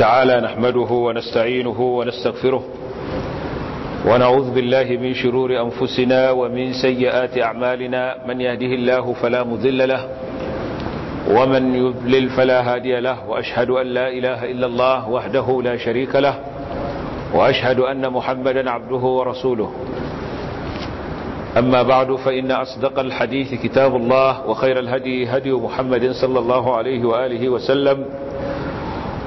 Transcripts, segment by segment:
تعالى نحمده ونستعينه ونستغفره ونعوذ بالله من شرور أنفسنا ومن سيئات أعمالنا من يهده الله فلا مذل له ومن يذلل فلا هادي له وأشهد أن لا إله إلا الله وحده لا شريك له وأشهد أن محمدا عبده ورسوله أما بعد فإن أصدق الحديث كتاب الله وخير الهدي هدي محمد صلى الله عليه وآله وسلم وآله وسلم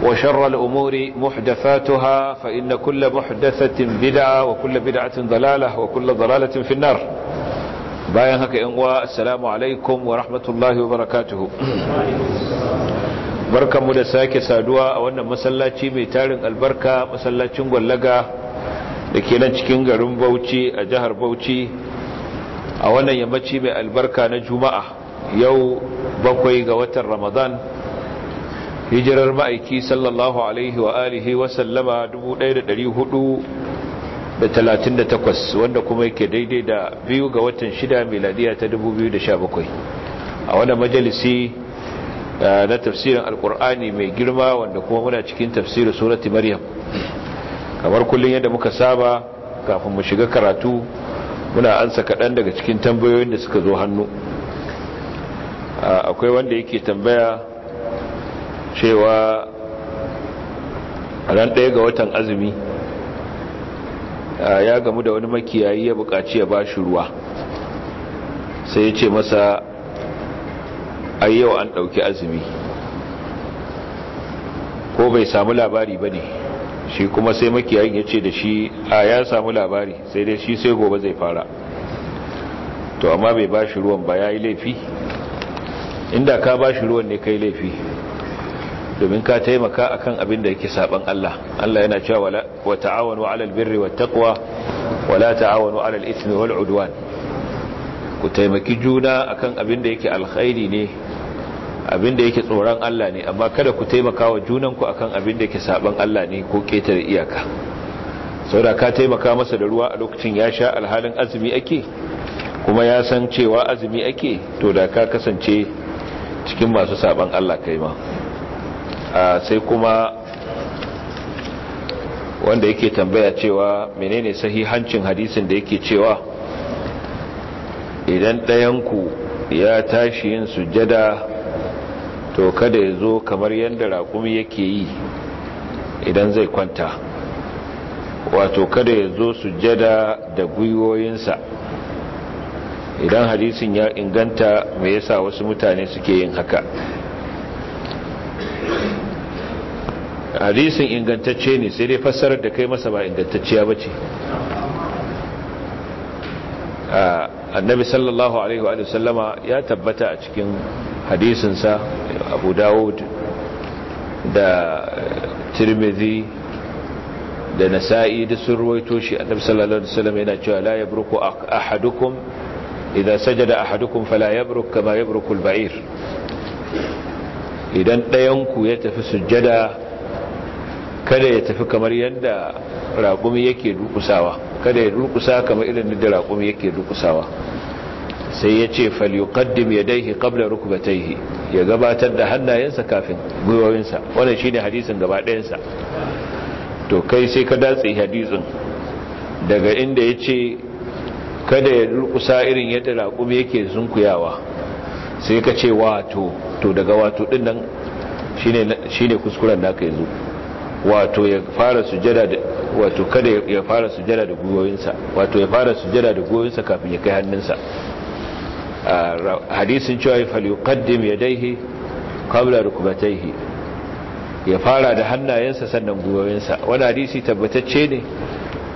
وشر الأمور محدثاتها فإن كل محدثة بدعة وكل بدعة ضلالة وكل ضلالة في النار باين هكا إنواء السلام عليكم ورحمة الله وبركاته بركة مدساكي سادوا وأن مسلاتي ميتارن البركة مسلاتي اللقاء لكي ننشكين غرم بوتي أجهر بوتي أولا يمتي مي البركة نجمع يو بقوي غوة رمضان hijirar ma'aiki sallallahu alaihi wa alihi wa sallama 1438 wanda kuma yake daidai da biyu ga watan shida miladiya ta 2017 a wani majalisi eh, na tafsirin alkur'ani mai girma wanda kuma muna cikin tafsirin surati maryam kamar kullum yadda muka saba kafin mu shiga karatu muna ansa kaɗan daga cikin tambayoyin da suka zo hannu ah, akwai wanda yake tambaya cewa ran ɗaya ga watan azumi ah, ya gamu da wani makiyayi ya buƙaci ya ba shi ruwa sai ya ce masa ayyau an ɗauki azumi ko bai samu labari ba ne shi kuma sai makiyayin ya ce da shi a ya samu labari sai dai shi sai gobe zai fara to amma bai ba shi ruwan ba ya yi laifi inda ka ba shi ruwan ne kai laifi domin ka taimaka akan abin da yake saban Allah Allah yana cewa wa ta'awanu 'alal birri wat taqwa wa la ta'awanu 'alal ithmi wal 'udwan ku taimaki juna akan abin da yake alkhairi ne abin da yake tsoron Allah ne amma kada ku taimaka wa ku akan abin da yake saban Allah ne ko ketare iyaka saboda ka taimaka masa da ruwa a lokacin ya sha alhalin azumi ake kuma ya san cewa azumi ake to da ka kasance cikin masu saban Allah kai ma sai kuma wanda yake tambaya cewa menene sahihancin hadisin da yake cewa idan ɗayanku ya tashi yin sujada to kada ya zo kamar yadda raƙumi yake yi idan zai kwanta wato kada ya zo sujjada da gwiwoyinsa idan hadisin ya inganta me yasa wasu mutane suke yin haka hadisin ingantacce ne sai dai fassarar da kai masa ba ingantacciya ba ce annabi sallallahu alaihi wa sallama ya tabbata a cikin hadisinsa abu dawud da tirmidhi da nasa'i da sun ruwaito shi annabi sallallahu alaihi wa sallama yana cewa la yabruku ahadukum idan sajada ahadukum fala yabruk kama yabruku al-ba'ir idan ɗayanku ya tafi sujjada kada ya tafi kamar yadda raƙumi yake dukusawa kada ya dukusa kamar irin da raƙumi yake dukusawa sai ya ce falyuqaddim yadayhi qabla rukbatayhi ya gabatar da hannayensa kafin gwiwoyinsa wannan shine hadisin gaba ɗayansa to kai sai ka datsi hadisin daga inda yace kada ya dukusa irin yadda raƙumi yake zunkuyawa sai ka ce wato to daga wato din nan shine shine kuskuren da ka yanzu. wato ya fara sujada da wato kada ya fara sujada da guyoyinsa wato ya fara sujada da guyoyinsa kafin ya kai hannunsa hadisin cewa yuqaddim yadayhi qabla rukbatayhi ya fara da hannayensa sannan guyoyinsa wani hadisi tabbatacce ne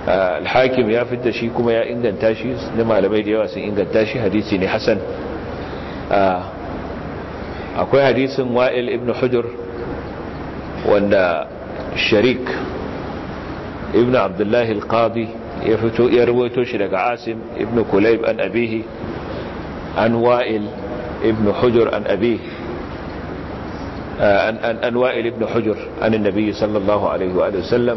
Al-hakim ya fitta shi kuma ya inganta shi ne malamai da yawa sun inganta shi hadisi ne hasan akwai hadisin wa'il ibn hujr wanda الشريك ابن عبد الله القاضي يروي تشرك عاصم ابن كليب عن أبيه عن وائل ابن حجر عن أبيه آه، عن, عن, عن وائل ابن حجر عن النبي صلى الله عليه وآله وسلم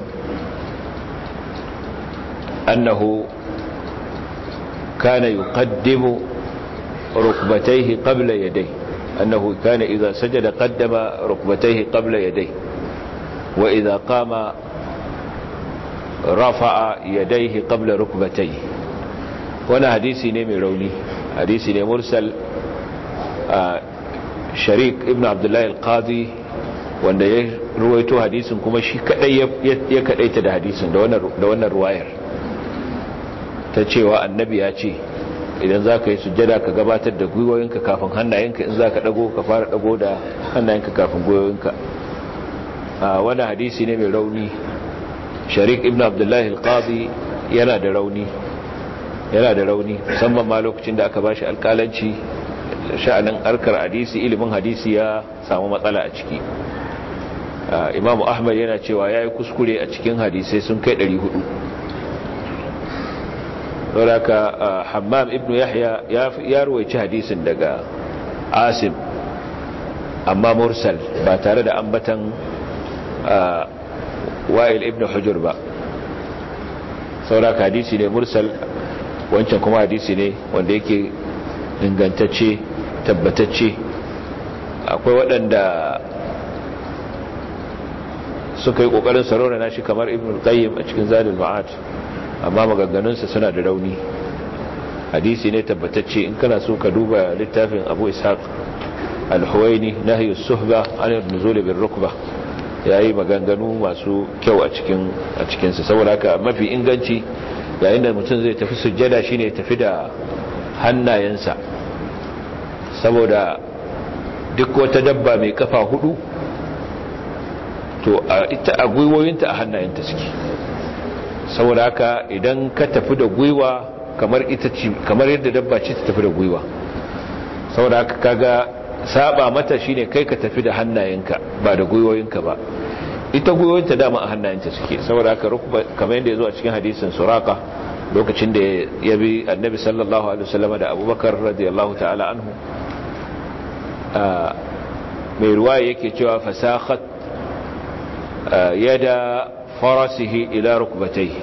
أنه كان يقدم ركبتيه قبل يديه أنه كان إذا سجد قدم ركبتيه قبل يديه wa idza qama rafa'a yadayhi qabla rukbatayhi wannan hadisi ne mai rauni hadisi ne mursal sharik ibn abdullahi al-qadi wanda ya ruwaito hadisin kuma shi kadai ya kadaita da hadisin da wannan ruwayar ta cewa annabi ya ce idan za ka yi sujjada ka gabatar da gwiwoyinka kafin hannayenka in za ka dago ka fara dago da hannayenka kafin gwiwoyinka wani hadisi ne mai rauni sharik ibn abdullahi alqazi yana da rauni yana da rauni musamman ma lokacin da aka ba shi alkalanci sha'anin harkar hadisi ilimin hadisi ya samu matsala a ciki Imam ahmad yana cewa ya yi kuskure a cikin hadisai sun kai 400 ka hammam ibn yahya ya ruwaici hadisin daga asim amma mursal ba tare da ambatan wa'il ibn hujur ba sauraka hadisi ne mursal wancan kuma hadisi ne wanda yake ingantacce tabbatacce akwai waɗanda suka yi ƙoƙarin sarora na shi kamar ibn qayyim a cikin zadul ma'ad amma maganganunsa suna da rauni hadisi ne tabbatacce in kana so ka duba littafin abu ishaq al-huwaini nahyu suhba an nuzul bil rukbah ya yi maganganu masu kyau a cikinsa saboda haka mafi inganci yayin da mutum zai tafi sujjada shine ne tafi da hannayensa saboda duk wata dabba mai kafa hudu to ita a gwiwoyinta a hannayenta suke saboda haka idan ka tafi da gwiwa kamar yadda dabba ce ta tafi da gwiwa saboda haka kaga saba mata shine kai ka tafi da hannayenka ba da guyoyinka ba ita guyoyinta dama a hannayenta suke saboda haka kamar yadda ya zo a cikin hadisin suraka lokacin da ya bi annabi sallallahu alaihi wasallam da abubakar radiyallahu ta'ala anhu mai ruwaya yake cewa fasakhat yada farasihi ila rukbatayhi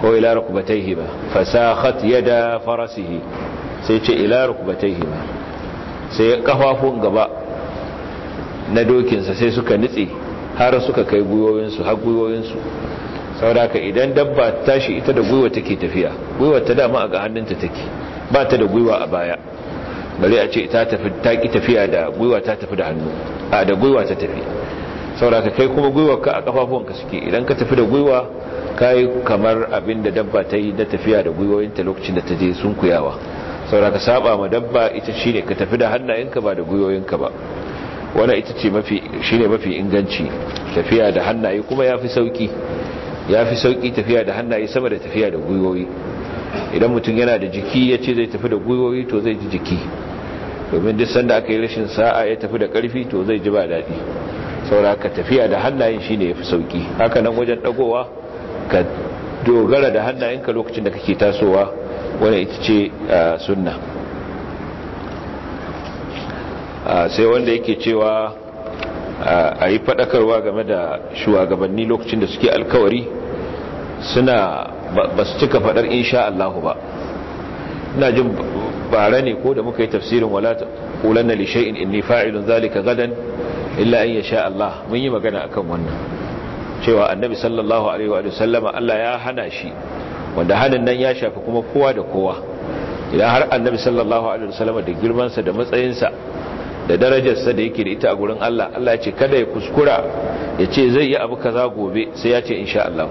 ko ila rukbatayhi ba fasakhat yada farasihi sai ce ila rukbatayhi ba sai kafafun gaba na dokinsa sai suka nitse har suka kai gwiwoyinsu har gwiwoyinsu sauraka idan dabba tashi ita da gwiwa take tafiya gwiwa ta dama a ga hannunta take ba ta da gwiwa a baya bari a ce ta tafi ta ki tafiya da gwiwa ta tafi da hannu a da gwiwa ta tafi sauraka kai kuma ka a kafafun ka suke idan ka tafi da gwiwa kai kamar abin da dabba ta yi na tafiya da gwiwoyinta lokacin da ta je sunkuyawa saura ka saba ma dabba ita shine ka tafi da hannayenka ba da guyoyinka ba wannan ita ce mafi shine mafi inganci tafiya da hannaye kuma yafi sauki yafi sauki tafiya da hannaye sama da tafiya da guyoyi idan mutum yana da jiki yace zai tafi da guyoyi to zai ji jiki domin duk sanda aka yi rashin sa'a ya tafi da karfi to zai ji ba dadi saura ka tafiya da hannayen shine yafi sauki haka nan wajen dagowa ka dogara da hannayenka lokacin da kake tasowa wannan ita ce sunna sai wanda yake cewa a yi fadakarwa game da shugabanni lokacin da suke alkawari suna ba su cika fadar insha Allah ba ina jin bara ne ko da muka yi tafsirin wala qulanna li shay'in inni fa'ilun zalika gadan illa an yasha Allah mun yi magana akan wannan cewa annabi sallallahu alaihi wa sallama Allah ya hana shi wanda hanin nan ya shafi kuma kowa da kowa idan har annabi sallallahu alaihi wasallam da girmansa da matsayinsa da darajarsa da yake da ita a gurin Allah Allah ya ce kada ya kuskura ya ce zai yi abu kaza gobe sai ya ce insha Allah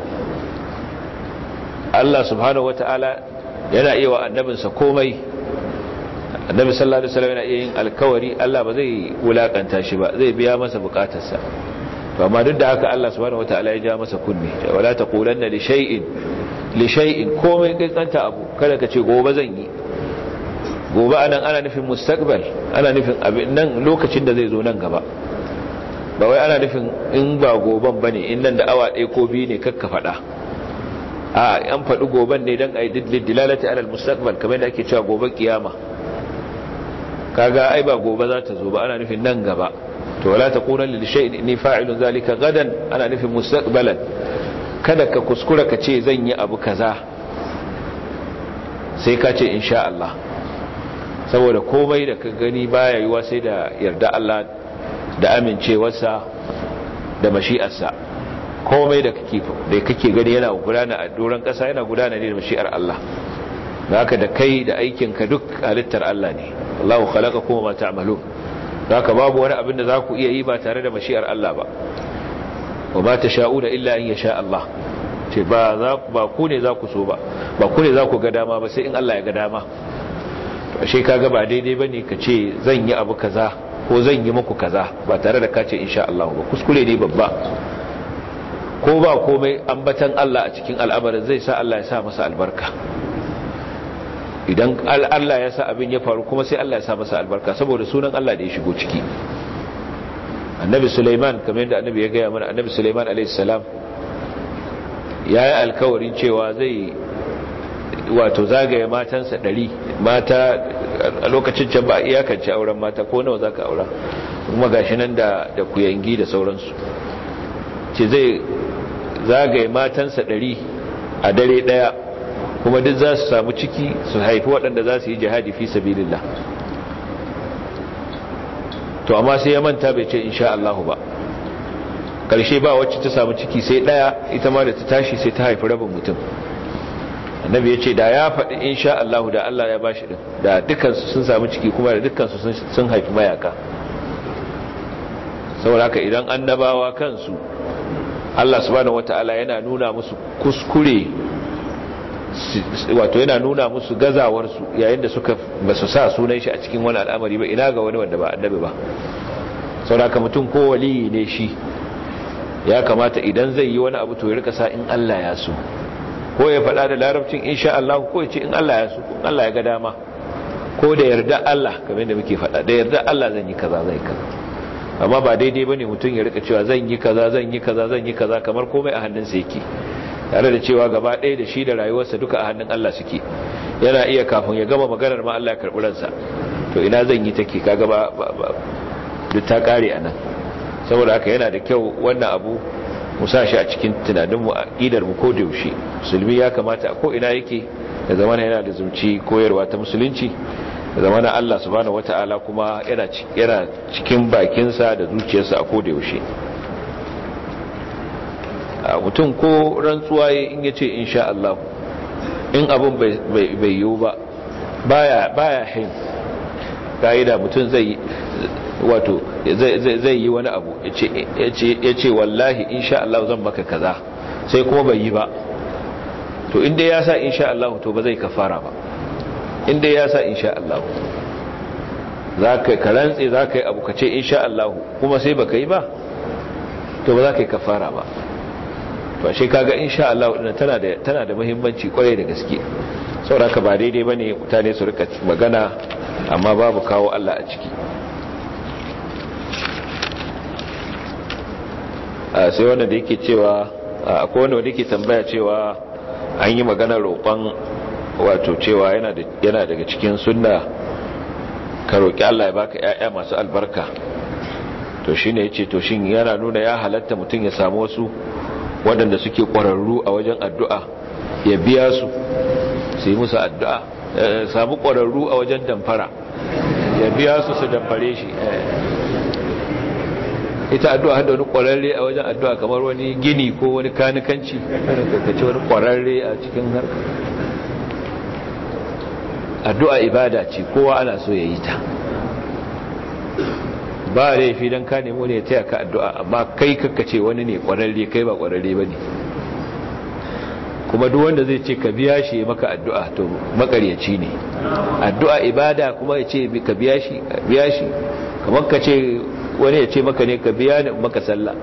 Allah subhanahu wataala yana iya wa annabinsa komai annabi sallallahu alaihi wasallam yana iya yin alkawari Allah ba zai wulakanta shi ba zai biya masa bukatarsa to amma duk da haka Allah subhanahu wataala ya ja masa kunni wala taqulanna li shay'in li komai kai tsanta abu kada ka ce gobe zan yi gobe anan ana nufin mustaqbal ana nufin abin nan lokacin da zai zo nan gaba ba wai ana nufin in ba goben bane in nan da awa ɗaya ko biyu ne kakka fada a an faɗi goben ne don a yi dilalata alal mustaqbal kamar da ake cewa goben kiyama kaga ai ba gobe za ta zo ba ana nufin nan gaba to wala taqulan lil ni inni fa'ilun zalika gadan ana nufin mustaqbalan kada ka kuskura ka ce zan yi abu kaza sai ka ce insha Allah saboda komai da ka gani baya yiwa sai da yarda Allah da amincewarsa da mashi'arsa komai da kake da kake gani yana gudana a doron ƙasa yana gudana ne da mashi'ar Allah haka da kai da aikinka duk halittar Allah ne Allahu khalaqa kuma ma ta'malun haka babu wani abin da za ku iya yi ba tare da mashi'ar Allah ba wa ba ta sha'una illa an ya sha Allah ce ba ku ne za ku so ba ba ku ne za ku ga dama ba sai in Allah ya ga dama to ashe ka ga ba daidai bane ka ce zan yi abu kaza ko zan yi muku kaza ba tare da ka ce insha Allah ba kuskure ne babba ko ba komai ambatan Allah a cikin al'amarin zai sa Allah ya sa masa albarka idan Allah ya sa abin ya faru kuma sai Allah ya sa masa albarka saboda sunan Allah da ya shigo ciki annabi suleiman kamar yadda annabi ya gaya mana annabi suleiman alaihi salam ya yi alkawarin cewa zai wato zagaye matansa ɗari mata a lokacin can ba a iyakance auren mata ko nawa za ka aura kuma gashi nan da kuyangi da sauransu ce zai zagaye matansa ɗari a dare ɗaya kuma duk za su samu ciki su haifi waɗanda za su yi jihadi fi sabilillah to amma sai ya manta bai ce insha Allah ba karshe ba wacce ta samu ciki sai daya ita ma da ta tashi sai ta haifi rabin mutum annabi ya ce da ya faɗi insha Allah da Allah ya bashi din da dukansu sun samu ciki kuma da dukansu sun haifi mayaka saboda haka idan annabawa kansu Allah subhanahu wataala yana nuna musu kuskure wato yana nuna musu gazawarsu yayin da suka ba su sa sunan shi a cikin wani al'amari ba ina ga wani wanda ba annabi ba sauraka mutum ko waliyi ne shi ya kamata idan zai yi wani abu to ya rika sa in Allah ya so ko ya faɗa da larabcin insha Allah ko ya ce in Allah ya so in Allah ya ga dama ko da yarda Allah kamar yadda muke faɗa da yarda Allah zan yi kaza zan yi kaza amma ba daidai bane mutum ya rika cewa zan yi kaza zan yi kaza zan yi kaza kamar komai a hannunsa yake tare da cewa gaba ɗaya da shi da rayuwarsa duka a hannun Allah suke yana iya kafin ya gama maganar ma Allah ya karɓi ransa to ina zan yi take kaga ba duk ta a nan saboda haka yana da kyau wannan abu mu sa shi a cikin tunaninmu a ƙidar mu ko da yaushe musulmi ya kamata ko ina yake da zamana yana da zumci koyarwa ta musulunci da zamana Allah subhanahu wataala kuma yana cikin bakinsa da zuciyarsa a ko da yaushe mutum ko rantsuwa in ya ce insha Allah in abin bai yiwu ba baya hain ka'ida mutum zai zai yi wani abu ya ce wallahi insha Allah zan maka kaza sai kuma bai yi ba to inda ya sa insha Allah to ba zai kafara ba inda ya sa insha Allah za ka yi karantse za ka yi abu ka ce insha Allah kuma sai baka yi ba to ba za ka yi kafara ba to shekaga kaga insha Allah din tana da tana da muhimmanci kwarai da gaske sauraka ba daidai ba ne mutane su rika magana amma babu kawo Allah a ciki sai wanda da yake cewa akwai wanda yake tambaya cewa an yi magana roƙon wato cewa yana daga cikin sunna ka roƙi Allah ya baka ƴaƴa masu albarka to shi ne ya ce to shi yana nuna ya halatta mutum ya samu wasu waɗanda suke ƙwararru a wajen addu'a ya biya su su yi musu addu'a eh, samu ƙwararru a wajen damfara ya biya su su damfare shi eh. ita addu'a hada wani ƙwararre a wajen addu'a kamar wani gini ko wani kanikanci kakace wani ƙwararre a cikin harka addu'a ibada ce kowa ana so ya yi ta ba laifi don ka nemo ne ya taya ka addu'a amma kai ce wani ne ƙwararre kai ba ƙwararre ba ne kuma duk wanda zai ce ka biya shi maka addu'a to makaryaci ne addu'a ibada kuma ya ce ka biya shi kamar ka ce wani ya ce maka ne ka biya ne maka sallah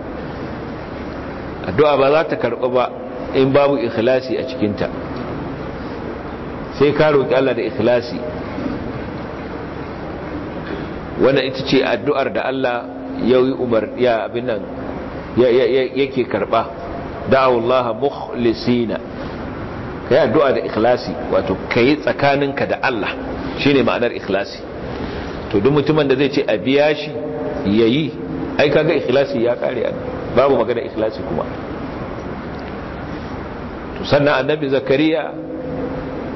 addu'a ba za ta karɓa ba in babu ikhlasi a cikinta sai ka roƙi Allah da ikhlasi wannan ita ce addu'ar da Allah ya yi umar ya abin nan yake karba da'awullaha mukhlisina kai addu'a da ikhlasi wato kai tsakaninka da Allah shine ma'anar ikhlasi to duk mutumin da zai ce a biya shi yayi ai kaga ikhlasi ya kare babu magana ikhlasi kuma to sannan annabi zakariya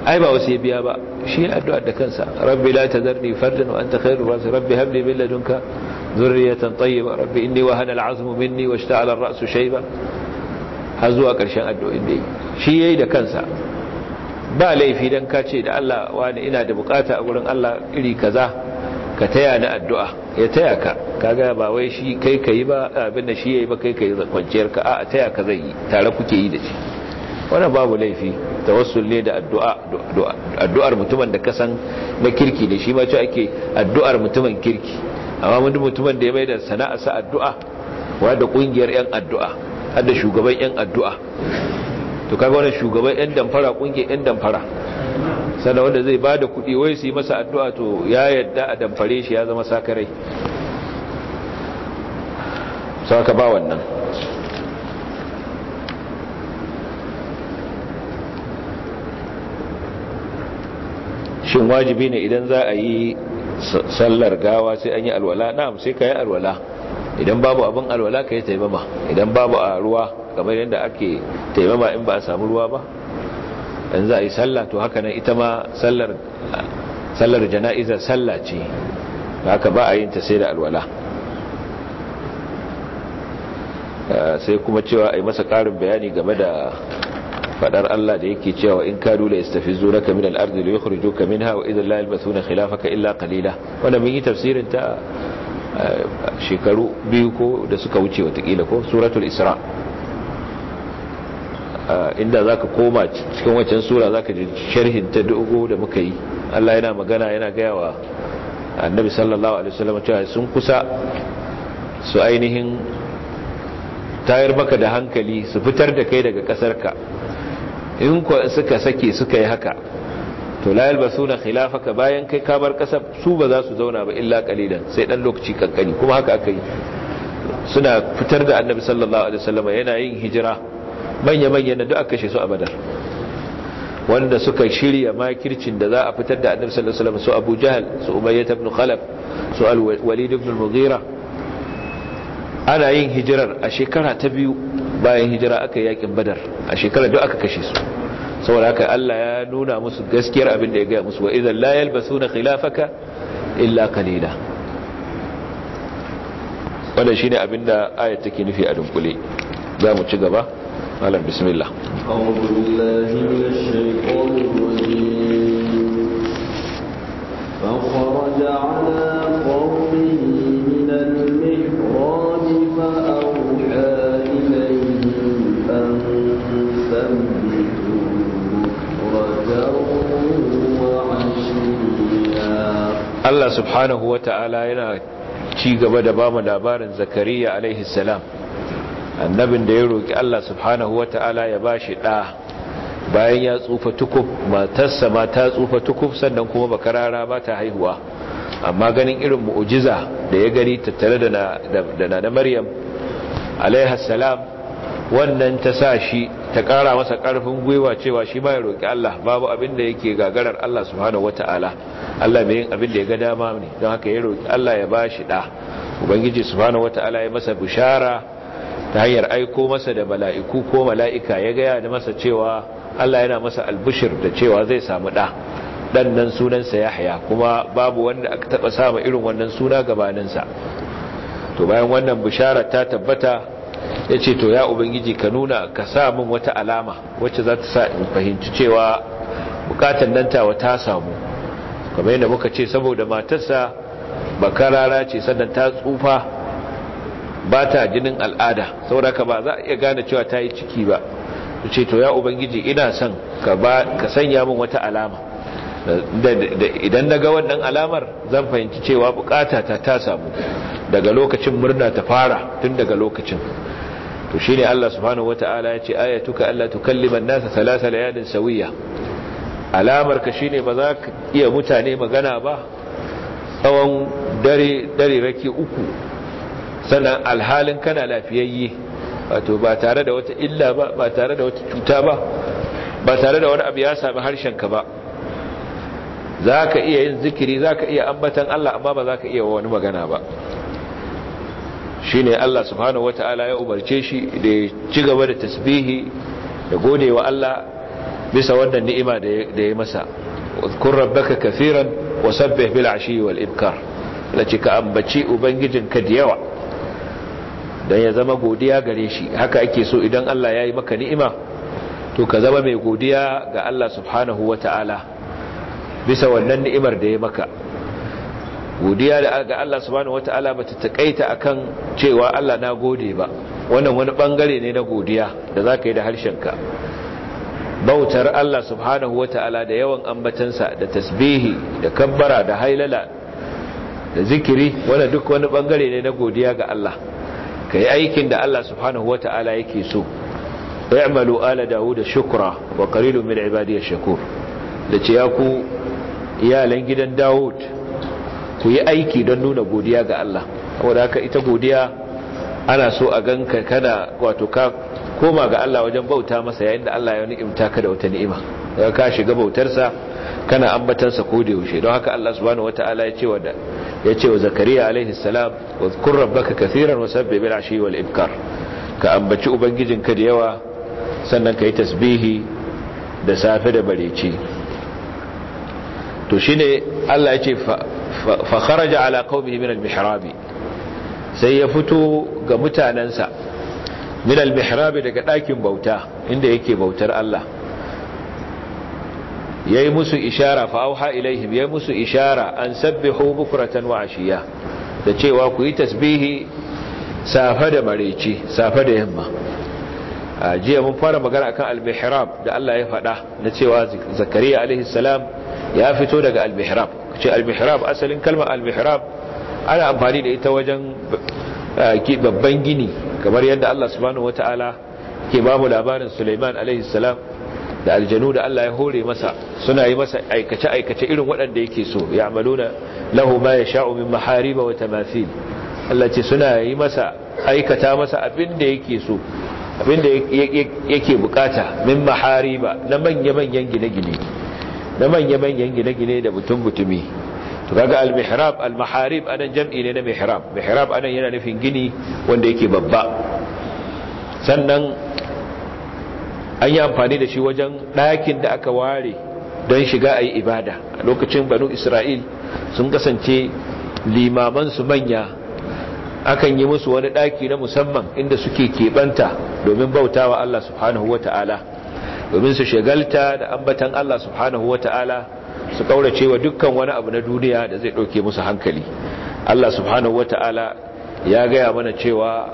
ai ba wasu ya biya ba shi addu'ar da kansa rabbi la tazarni fardan wa anta khairur rasul rabbi hab li min ladunka zurriyatan tayyiba rabbi inni wahana al'azmu minni washta'ala ar-ra'su shayba har zuwa ƙarshen addu'o'in da yi shi yayi da kansa ba laifi dan ka ce da Allah wani ina da bukata a gurin Allah iri kaza ka taya ni addu'a ya taya ka kaga ba wai shi kai kai ba abin da shi yayi ba kai kai kwanciyar ka a taya ka zai yi tare kuke yi da shi wannan babu laifi tawassul ne da addu'a addu'ar mutumin da kasan na kirki ne shi ma ce ake addu'ar mutumin kirki amma wani mutumin da ya mai da sa addu'a da kungiyar yan addu'a har da shugaban yan addu'a to kaga wannan shugaban yan damfara kungiyar yan damfara sannan wanda zai bada kuɗi wai su yi masa addu'a to ya yadda a damfare shi ya zama sakarai saka ba wannan shin wajibi ne idan za a yi sallar gawa sai an yi alwala na'am sai ka yi alwala idan babu abin alwala ka yi taimama idan babu a ruwa kamar yadda ake taimama in ba a samu ruwa ba in za a yi sallah to haka nan ita ma sallar jana'iza sallah ce haka ba a yin ta sai da alwala eh, sai kuma cewa a yi masa ƙarin bayani game da fadar Allah da yake cewa in ka la yastafizunaka min al-ardi li yukhrijuka minha wa idhan la yalbathuna khilafaka illa qalila wanda mun yi tafsirin ta eh, shekaru biyu ko da suka wuce watakila ko suratul isra eh, inda zaka koma cikin waccan sura zaka ji sharhin ta dogo da muka yi Allah yana magana yana gaya wa annabi sallallahu alaihi wasallam cewa sun kusa su ainihin tayar baka da hankali su fitar da kai daga kasarka in suka sake suka yi haka to la yalbasuna khilafaka bayan kai ka bar kasar su ba za su zauna ba illa qalilan sai dan lokaci kankani kuma haka aka yi suna fitar da annabi sallallahu alaihi wasallam yana yin hijira manya manya na duk aka kashe su a badar wanda suka shirya makircin da za a fitar da annabi sallallahu alaihi wasallam su Abu Jahl su Umayyah ibn Khalaf su Al-Walid ibn Al-Mughira ana yin hijirar a shekara ta biyu bayan hijira aka yakin badar a shekarar duk aka kashe su saboda haka Allah ya nuna musu gaskiyar abin da ya gaya musu wa idan la yalbasuna khilafaka illa qalila wannan shine abin da ayat take nufi a dunkule za mu ci gaba malam bismillah a'udhu minash shaitanir rajim fa kharaja ala Allah subhanahu wa ta'ala yana ci gaba da bamu labarin Zakariya alaihi salam annabin da ya roki Allah subhanahu wa ta'ala ya bashi da bayan ya tsufa tukuf matarsa ma ta tsufa tukuf sannan kuma ba karara ba ta haihuwa amma ganin irin mu'jiza da ya gani tattare da na da Maryam alaihi salam wannan ta sa shi ta kara masa karfin gwiwa cewa shi ma ya roƙi Allah babu abin da yake gagarar Allah subhanahu wata'ala Allah mai yin abin da ya ga dama ne don haka ya roƙi Allah ya ba shi ɗa ubangiji subhanahu wata'ala ya masa bishara ta hanyar aiko masa da mala'iku ko mala'ika ya gaya da masa cewa Allah yana masa albushir da cewa zai samu ɗa ɗan nan sunansa Yahya kuma babu wanda aka taɓa irin wannan suna gabaninsa to bayan wannan bishara ta tabbata ya ce to ya ubangiji ka nuna ka sa min wata alama wacce za ta sa in fahimci cewa bukatan dantawa ta samu kamar yadda muka ce saboda matarsa bakarara ce sannan ta tsufa ba ta jinin al'ada saboda ka ba za a iya gane cewa ta yi ciki ba ce to ya ubangiji ina son ka sanya min wata alama idan na ga wannan alamar zan fahimci cewa bukata ta ta samu daga lokacin murna ta fara tun daga lokacin to shine Allah subhanahu wataala ya ce ayatuka alla tukalliman nasa thalatha layalin sawiya alamar ka shine ba za ka iya mutane magana ba tsawon dare dare rake uku sannan alhalin kana lafiyayye wato ba tare da wata illa ba ba tare da wata cuta ba ba tare da wani abu ya sami harshen ka ba za ka iya yin zikiri za ka iya ambatan Allah amma ba za ka iya wani magana ba shi ne Allah subhanahu wa ta'ala ya umarce shi da ya ci gaba da tasbihi da gode wa Allah bisa wannan ni'ima da ya masa kun rabbaka kafiran wa sabbe bil ashi wal ibkar na ka ambaci ubangijinka da yawa don ya zama godiya gare shi haka ake so idan Allah ya yi maka ni'ima to ka zama mai godiya ga Allah subhanahu wa ta'ala bisa wannan ni'imar da ya maka godiya ga Allah subhanahu wata'ala bata takaita akan cewa Allah na gode ba wannan wani bangare ne na godiya da zaka yi da harshenka bautar Allah subhanahu wata'ala da yawan ambatansa da tasbihi da kabbara da hailala da zikiri wanda duk wani bangare ne na godiya ga Allah kai aikin da Allah subhanahu wata'ala yake so ya'malu ala dawud shukra wa qalilun min ibadiyash shakur da ce ya ku iyalan gidan Dawud ku yi aiki don nuna godiya ga Allah saboda haka ita godiya ana so a ganka kana wato ka koma ga Allah wajen bauta masa yayin da Allah ya ni'imta ka da wata ni'ima daga ka shiga bautarsa kana ambatansa sa yaushe don haka Allah subhanahu wataala ya ce wa da ya ce wa Zakariya alaihi salam wadhkur rabbaka kaseeran wasabbih bil ashi wal ibkar ka ambaci ubangijinka da yawa sannan ka yi tasbihi da safe da bareci to shine Allah ya ce fa kharaja ala qaumihi min al-mihrabi sai ya fito ga mutanansa min al-mihrabi daga ɗakin bauta inda yake bautar Allah yayi musu ishara fa auha ilaihim yayi musu ishara an sabbihu bukratan wa ashiya da cewa ku yi tasbihi safa da mareci safa da yamma a jiya mun fara magana akan al-mihrab da Allah ya faɗa na cewa zakariya alaihi salam ya fito daga al-mihrab ce al-mihrab asalin kalmar al-mihrab ana amfani da ita wajen eh, babban gini kamar yadda Allah subhanahu wataala ke babu labarin Sulaiman alaihi salam da aljanu da Allah ya hore masa suna yi masa aikace aikace irin waɗanda yake so ya amaluna lahu ma yasha'u min mahariba wa tamathil Allah ce suna yi masa aikata masa abin da yake so abin da yake bukata min mahariba na manya manyan gine-gine da manya-manyan gine-gine da mutum-mutumi to kaga al-mihrab al-maharib anan jam'i ne na mihrab mihrab anan yana nufin gini wanda yake babba sannan an yi amfani da shi wajen ɗakin da aka ware don shiga ayi ibada a lokacin banu isra'il sun kasance limamansu manya akan yi musu wani ɗaki na musamman inda suke keɓanta domin bautawa Allah subhanahu wa ta'ala domin su shagalta da ambatan Allah subhanahu wata'ala su kaurace wa dukkan wani abu na duniya da zai dauke musu hankali Allah subhanahu wata'ala ya gaya mana cewa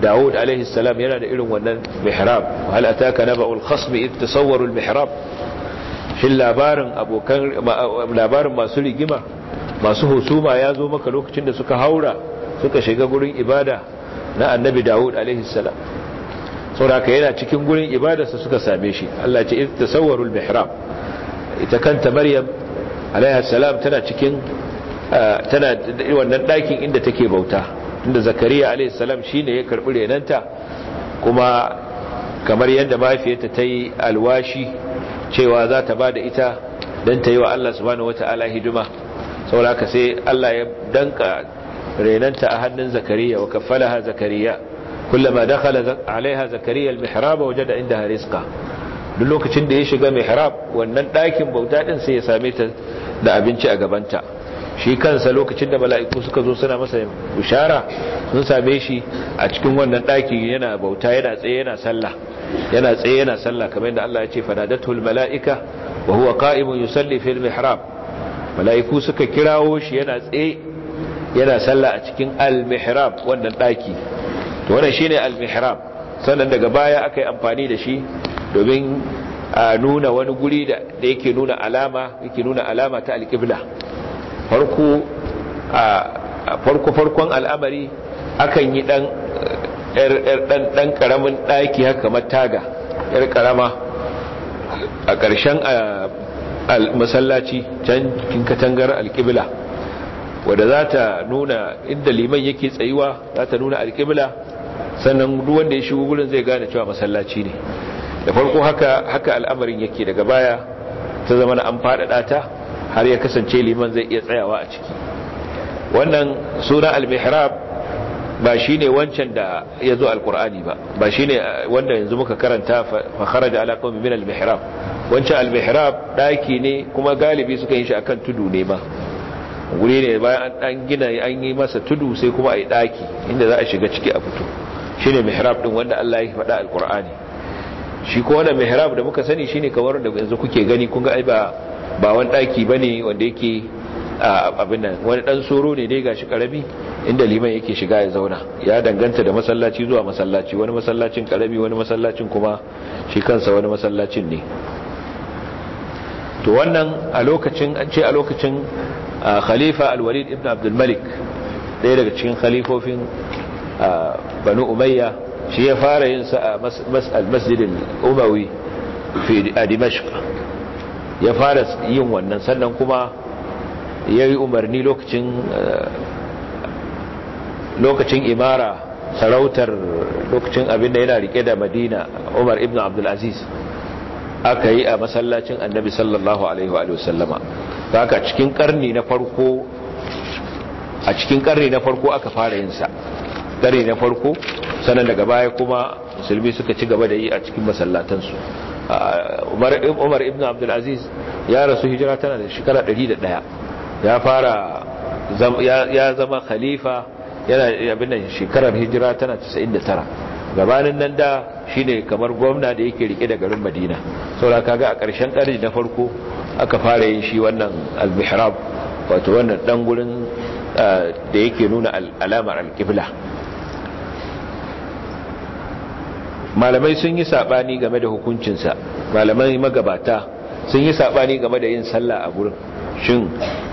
Dawud alaihi salam yana da irin wannan mihrab hal ataka naba'ul khasm id tasawwaru al mihrab shin labarin abokan labarin masu rigima masu husuma ya zo maka lokacin da suka haura suka shiga gurin ibada na annabi Dawud alaihi salam saboda yana cikin gurin ibadarsa suka same shi Allah ce in tasawwarul mihrab ita kanta maryam alaiha salam tana cikin tana wannan dakin inda take bauta inda zakariya alaihi salam shine ya karbi renanta kuma kamar yadda mahaifiyarta ta yi alwashi cewa za ta ba da ita don ta yi wa Allah subhanahu wata'ala hidima saboda haka sai Allah ya danka renanta a hannun zakariya wa kafalaha zakariya kullama dakhala alaiha zakariya al-mihrab wajada inda rizqa duk lokacin da ya shiga mihrab wannan ɗakin bauta din sai ya same ta da abinci a gabanta shi kansa lokacin da mala'iku suka zo suna masa bishara sun same shi a cikin wannan ɗaki yana bauta yana tsaye yana sallah yana tsaye yana sallah kamar yadda Allah ya ce fadadatul mala'ika wa huwa qa'imun yusalli fil mihrab mala'iku suka kirawo shi yana tsaye yana sallah a cikin al-mihrab wannan ɗaki to wannan shine al-mihrab sannan daga baya aka amfani da shi domin a nuna wani guri da yake nuna alama yake nuna alama ta al-qibla farko a farko farkon al'amari akan yi dan dan er, er, dan karamin daki haka kamar taga yar er karama a ƙarshen masallaci can kin katangar al-qibla wadda za ta nuna inda liman yake tsayuwa za ta nuna alƙibla sannan duk wanda ya shigo gurin zai gane cewa masallaci ne da farko haka haka al'amarin yake daga baya ta zama na an faɗaɗa ta har ya kasance liman zai iya tsayawa a ciki wannan suna al-mihrab ba shine wancan da zo al-qur'ani ba ba shine uh, wanda yanzu muka karanta fa kharaja ala min al-mihrab wancan al-mihrab daki ne kuma galibi suka yi shi akan tudu ne ma guri ne bayan an gina an yi masa tudu sai kuma a yi ɗaki inda za a shiga ciki a fito shine ne mihrab ɗin wanda Allah ya faɗa alƙur'ani shi ko wanda mihrab da muka sani shi kamar da yanzu kuke gani kun ga ai ba ba wani ɗaki ba ne wanda yake abin nan wani ɗan soro ne dai gashi ƙarami inda liman yake shiga ya zauna ya danganta da masallaci zuwa masallaci wani masallacin ƙarami wani masallacin kuma shi kansa wani masallacin ne to wannan a lokacin an ce a lokacin khalifa al-walid ibn abdul malik ɗaya daga cikin khalifofin banu umayya shi ya fara yin sa a al umawi a dimashq ya fara yin wannan sannan kuma yayi umarni lokacin lokacin imara sarautar lokacin abin da yana rike da madina umar ibn abdulaziz aka yi a masallacin annabi sallallahu alaihi wa sallama haka cikin karni na farko a cikin karni na farko aka fara yin sa karni na farko sanan daga baya kuma musulmi suka ci gaba da yi a cikin masallatansu umar ibn abdul aziz ya rasu hijira tana da shekara 101 ya fara ya zama khalifa yana abin nan shekarar hijira tana 99 gabanin nan da shi ne kamar gwamna da yake rike da garin madina saboda kaga a ƙarshen ƙarni na farko aka fara yin shi wannan al-mihrab wato wannan ɗan gurin da yake nuna alamar al-qibla malamai sun yi saɓani game da hukuncinsa malamai magabata sun yi saɓani game da yin sallah a gurin shin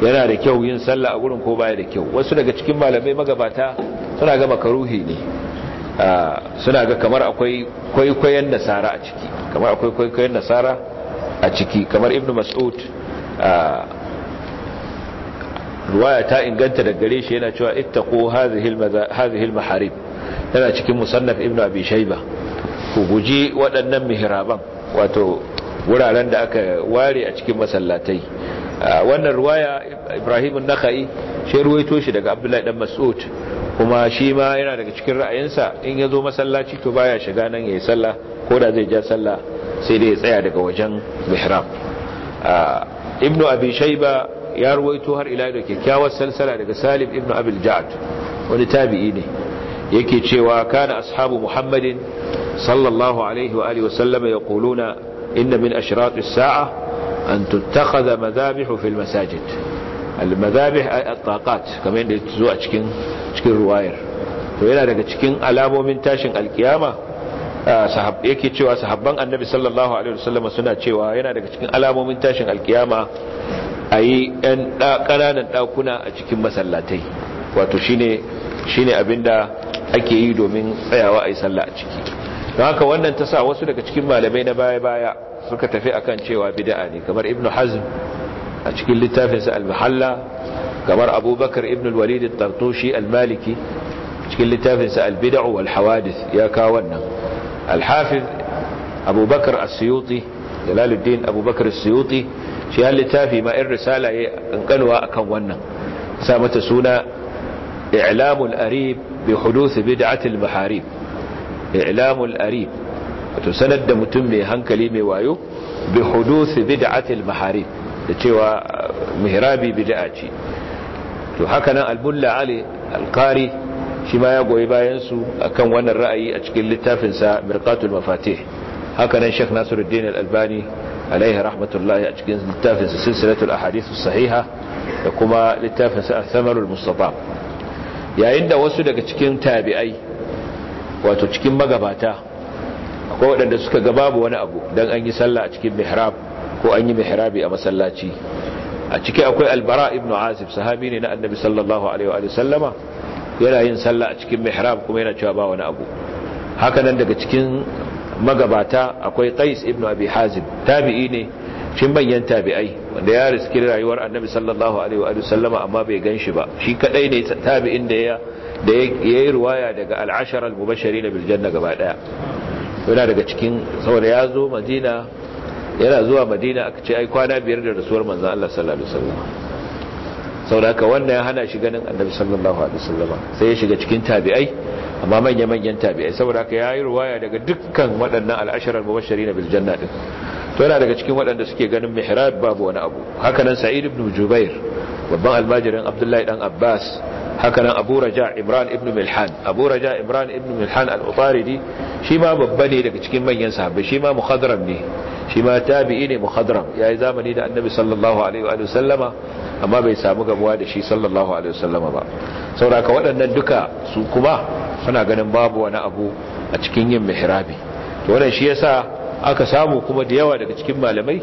yana da kyau yin sallah a gurin ko baya da kyau wasu daga cikin malamai magabata suna ga makaruhi ne Ah, suna ga kamar akwai kwaikwayon nasara a ciki kamar akwai kwaikwayon nasara a ciki kamar ibnu mas'ud ah, ruwaya ta inganta da gare shi yana cewa ittaqu hadhihi al-maharib yana cikin musannaf ibnu abi shayba ku guji waɗannan mihraban wato wuraren da aka ware a cikin masallatai wannan ruwaya Ibrahim nakai nakhai shi ruwaito shi daga Abdullahi dan Mas'ud kuma shi ma yana daga cikin ra'ayinsa in ya zo masallaci to baya shiga nan yi sallah ko da zai ja sallah sai dai ya tsaya daga wajen mihrab Ibnu Abi Shayba ya ruwaito har ila da kyakkyawar salsala daga Salim Ibnu Abil ja'ad wani tabi'i ne yake cewa kana ashabu Muhammadin sallallahu alaihi wa alihi wa sallama yaquluna إن من أشراط الساعة أن تتخذ مذابح في المساجد المذابح الطاقات كما تزوء تشكين رواير وإلا لك تشكين ألامو من تاشن القيامة yake cewa sahabban annabi sallallahu alaihi wasallam suna cewa yana daga cikin alamomin tashin alkiyama a yi ƙananan ɗakuna a cikin masallatai wato shine shine abinda ake yi domin tsayawa a yi sallah a ciki don haka wannan ta sa wasu daga cikin malamai na baya-baya suka tafi akan cewa bid'a ne kamar ibnu hazm a cikin littafinsa al-muhalla kamar abubakar ibnu al-walid al-tartushi al-maliki cikin littafinsa al-bid'u wal hawadith ya kawo wannan al-hafiz abubakar as-suyuti jalaluddin abubakar as-suyuti shi ya littafi ma in risala ya kankanuwa akan wannan sa mata suna i'lamul arib bi huduth bid'atil maharib i'lamul arib wato sanar da mutum mai hankali mai wayo bi hudusi bid'atil maharib da cewa mihrabi bid'a ce to haka nan al bulla ali al-qari shi ma ya goyi bayan su akan wannan ra'ayi a cikin littafin sa mirqatul mafatih haka nan sheikh nasiruddin al-albani alaihi rahmatullahi a cikin littafin sa silsilatul ahadith as-sahiha da kuma littafin sa al-thamarul mustafa yayin da wasu daga cikin tabi'ai wato cikin magabata akwai waɗanda suka ga babu wani abu don an yi sallah a cikin mihrab ko an yi mihrabi a masallaci a ciki akwai albara ibn azib sahabi ne na annabi sallallahu alaihi wa sallama yana yin sallah a cikin mihrab kuma yana cewa ba wani abu haka nan daga cikin magabata akwai qais ibn abi hazib tabi'i ne cikin manyan tabi'ai wanda ya riski rayuwar annabi sallallahu alaihi wa sallama amma bai ganshi ba shi kadai ne tabi'in da ya da yayi ruwaya daga al-ashar na mubashirin gaba daya yana daga cikin saboda ya zo madina yana zuwa madina aka ce ai kwana biyar da rasuwar manzan Allah sallallahu alaihi wasallam saboda haka wannan ya hana shi ganin annabi sallallahu alaihi wasallam sai ya shiga cikin tabi'ai amma manya manyan tabi'ai saboda haka yayi ruwaya daga dukkan waɗannan al mubashirin bil janna din to yana daga cikin waɗanda suke ganin mihrab babu wani abu haka nan sa'id ibn jubair babban almajirin abdullahi dan abbas hakanan abu raja imran ibn milhan abu raja imran ibn milhan al-utaridi shi ma babba ne daga cikin manyan sahabbai shi ma mukhadram ne shi ma tabi'i ne mukhadram yayi zamani da annabi sallallahu alaihi wa sallama amma bai samu gabuwa da shi sallallahu alaihi wa sallama ba sauraka waɗannan duka su kuma suna ganin babu wani abu a cikin yin mihrabi to wannan shi yasa aka samu kuma da yawa daga cikin malamai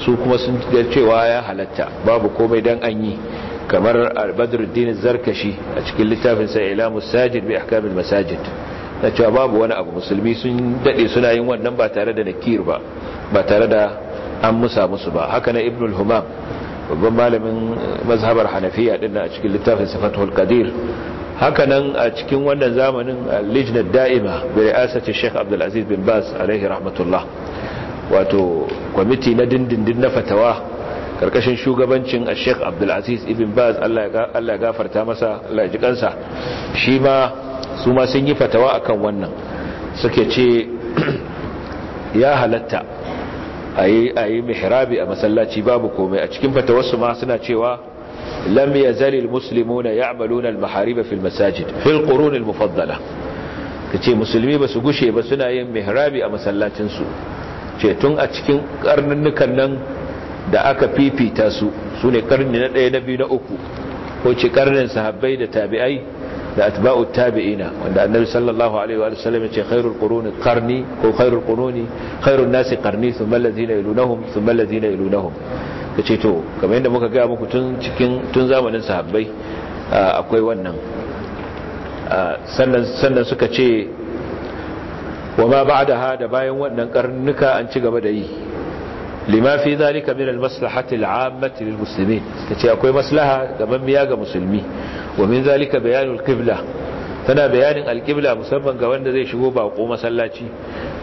su kuma sun cewa ya halatta babu komai dan an yi kamar albadruddin zarkashi a cikin littafin sa ilamu sajid bi ahkamil masajid na cewa babu wani abu musulmi sun dade suna yin wannan ba tare da nakir ba ba tare da an musa musu ba haka na ibnul humam babban malamin mazhabar hanafiya din a cikin littafin sa fathul qadir haka nan a cikin wannan zamanin lijnar da'ima bi ri'asati sheikh abdul aziz bin baz alaihi rahmatullah wato kwamiti na dindindin na fatawa karkashin shugabancin Sheikh sheik Ibin ibn Baz Allah ya gafarta masa Allah ya ji kansa shi ma su ma sun yi fatawa akan wannan suke ce ya halatta a yi mihrabi a masallaci babu komai a cikin fatawarsu ma suna cewa ya لم يزل المسلمون يعملون fil masajid fil ƙorunin mufaddala Ka ce musulmi ba su gushe ba suna yin mihrabi a masallacinsu ce tun a cikin karnannukan nan da aka fifita su su ne karni na ɗaya na biyu na uku ko ce karnin sahabbai da tabi'ai da atba'u tabi'ina wanda annabi sallallahu alaihi wa sallam yace khairul quruni qarni ko khairul quruni khairun nasi qarni thumma alladhina yalunhum thumma alladhina yalunhum kace to kamar yadda muka ga muku tun cikin tun zamanin sahabbai ah, akwai wannan ah, sannan sannan suka ce wa ma ba'daha da bayan wannan karnuka an ci gaba da yi lima fi zalika min al-maslahati al-ammati lil muslimin tace akwai maslaha gaban mamiya ga musulmi wa min zalika bayanul qibla tana bayanin al-qibla musamman ga wanda zai shigo bako masallaci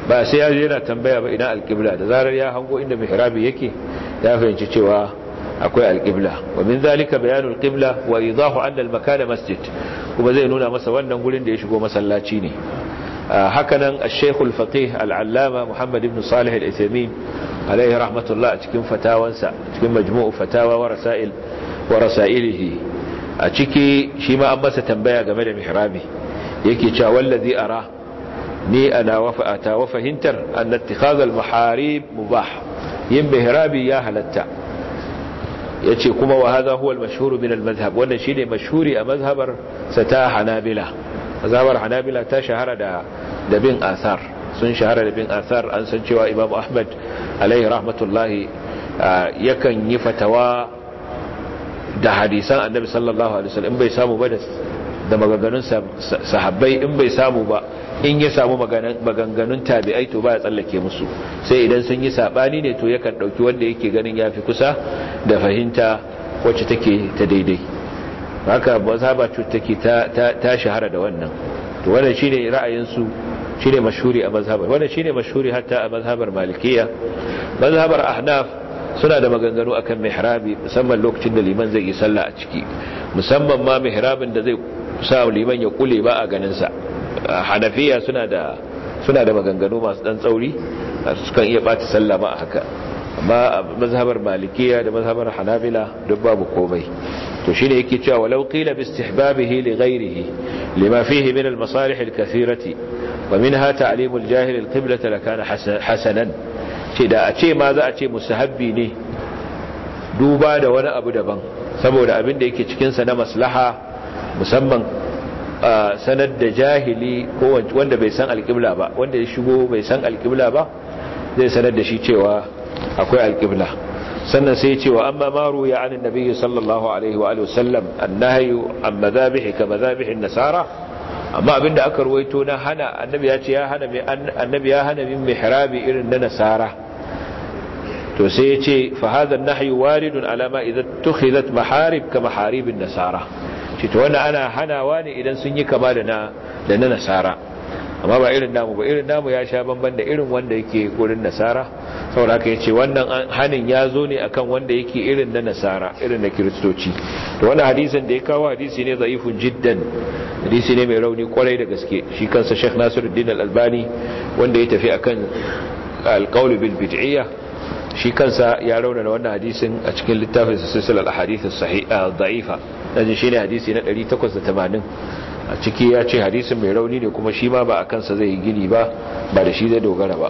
ba sai ya yana tambaya ba idan al-qibla da zarar ya hango inda mihrabi yake ya fahimci cewa akwai al-qibla wa min zalika bayanul qibla wa idahu anna al-makana masjid kuma zai nuna masa wannan gurin da ya shigo masallaci ne hakanan al-sheikh al-faqih allama muhammad ibn salih al-uthaymeen rahmatullah a cikin fatawansa cikin majmu'u fatawa wa rasail wa rasailihi a ciki shi ma an masa tambaya game da mihrami yake cewa wallazi ara ni ana wafa'ata wa fahimtar an ittikhaz al muharib mubah yin mihrabi ya halatta yace kuma wa hadha huwa al-mashhur min al-madhhab wannan shine mashhuri a mazhabar sa ta hanabila azabar hanabila ta shahara da da bin asar sun shahara da bin asar an san cewa imamu ahmad alaihi rahmatullahi yakan yi fatawa da hadisan annabi sallallahu alaihi wasallam in bai samu ba da maganganun sahabbai in bai samu ba in ya samu maganganun tabi'ai to ba ya tsallake musu sai idan sun yi sabani ne to yakan dauki wanda yake ganin yafi kusa da fahimta wacce take ta daidai haka mazhaba cuttaki ta shahara da wannan to wannan shine ra'ayinsu shine mashhuri a mazhabar wannan shine mashhuri hatta a mazhabar malikiya mazhabar ahnaf suna da maganganu akan mihrabi musamman lokacin da liman zai yi sallah a ciki musamman ma mihrabin da zai sa liman ya kule ba a ganin sa hanafiya suna da suna da maganganu masu dan tsauri sukan iya bata sallah ma haka amma mazhabar malikiya da mazhabar hanabila duk babu komai to shine yake cewa walau qila bi istihbabihi li ghayrihi lima fihi min al masalih al kathirati wa minha ta'lim al jahil al la lakana hasanan ce da a ce ma za a ce mustahabbi ne duba da wani abu daban saboda abin da yake cikin sa na maslaha musamman sanar da jahili ko wanda bai san al-qibla ba wanda ya shigo bai san al-qibla ba zai sanar da shi cewa akwai al-qibla. sannan sai ce wa amma maru ya anin nabi sallallahu alaihi wa sallam annahyu an madhabihi ka madhabihin nasara amma abinda aka ruwaito na hana annabi ya ce ya hana mai annabi ya hana min mihrabi irin na nasara to sai ya ce fa hadha an-nahyu waridun ala ma idza tukhidat maharib ka maharibin nasara ce to wannan ana hanawa ne idan sun yi kama da na da na nasara amma ba irin namu ba irin namu ya sha banban da irin wanda yake gurin nasara saboda haka yace wannan hanin ya zo ne akan wanda yake irin na nasara irin na kiristoci to wannan hadisin da ya kawo hadisi ne zaifun jiddan hadisi ne mai rauni kwarai da gaske shi kansa Sheikh Nasiruddin Al-Albani wanda ya tafi akan al-qawl bil bid'iyya shi kansa ya da wannan hadisin a cikin littafin silsilar ahadith as-sahiha da'ifa dan ne hadisi na 880 a ciki ya ce hadisin mai rauni ne kuma shi ma ba a kansa zai yi gini ba ba da shi zai dogara ba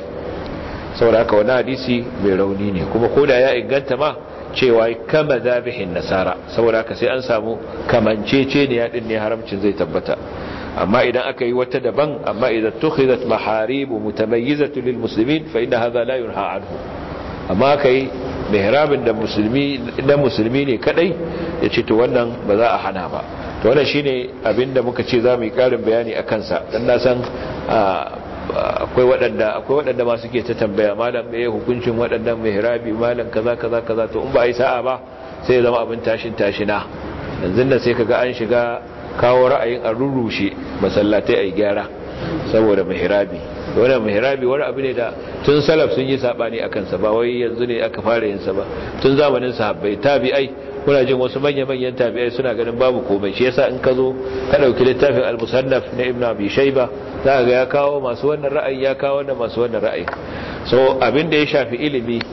saboda haka wani hadisi mai rauni ne kuma koda ya inganta ma cewa kama zabihin nasara saboda haka sai an samu kamancece ne yaɗin ne haramcin zai tabbata amma idan aka yi wata daban amma idan tukhidat maharibu mutamayyizatu lil muslimin fa inna hadha la yunha anhu amma kai mihrabin da musulmi da musulmi ne kadai yace to wannan ba za a hana ba to wannan shine abinda muka ce za mu yi karin bayani a kansa dan na san akwai waɗanda akwai waɗanda ma suke ta tambaya malam me hukuncin waɗannan mihrabi malam kaza kaza kaza to in ba a yi sa'a ba sai ya zama abin tashin tashina yanzu nan sai kaga an shiga kawo ra'ayin a rurrushe masallatai ai gyara saboda mihrabi wannan mihrabi wani abu ne da tun salaf sun yi sabani akan sa ba wai yanzu ne aka fara yin sa ba tun zamanin sahabbai tabi'ai kuna jin wasu manya-manyan tabi'ai suna ganin babu komai shi yasa in ka zo ka dauki littafin al-musannaf na ibn abi shayba za ga ya kawo masu wannan ra'ayi ya kawo wannan masu wannan ra'ayi so abin da ya shafi ilimi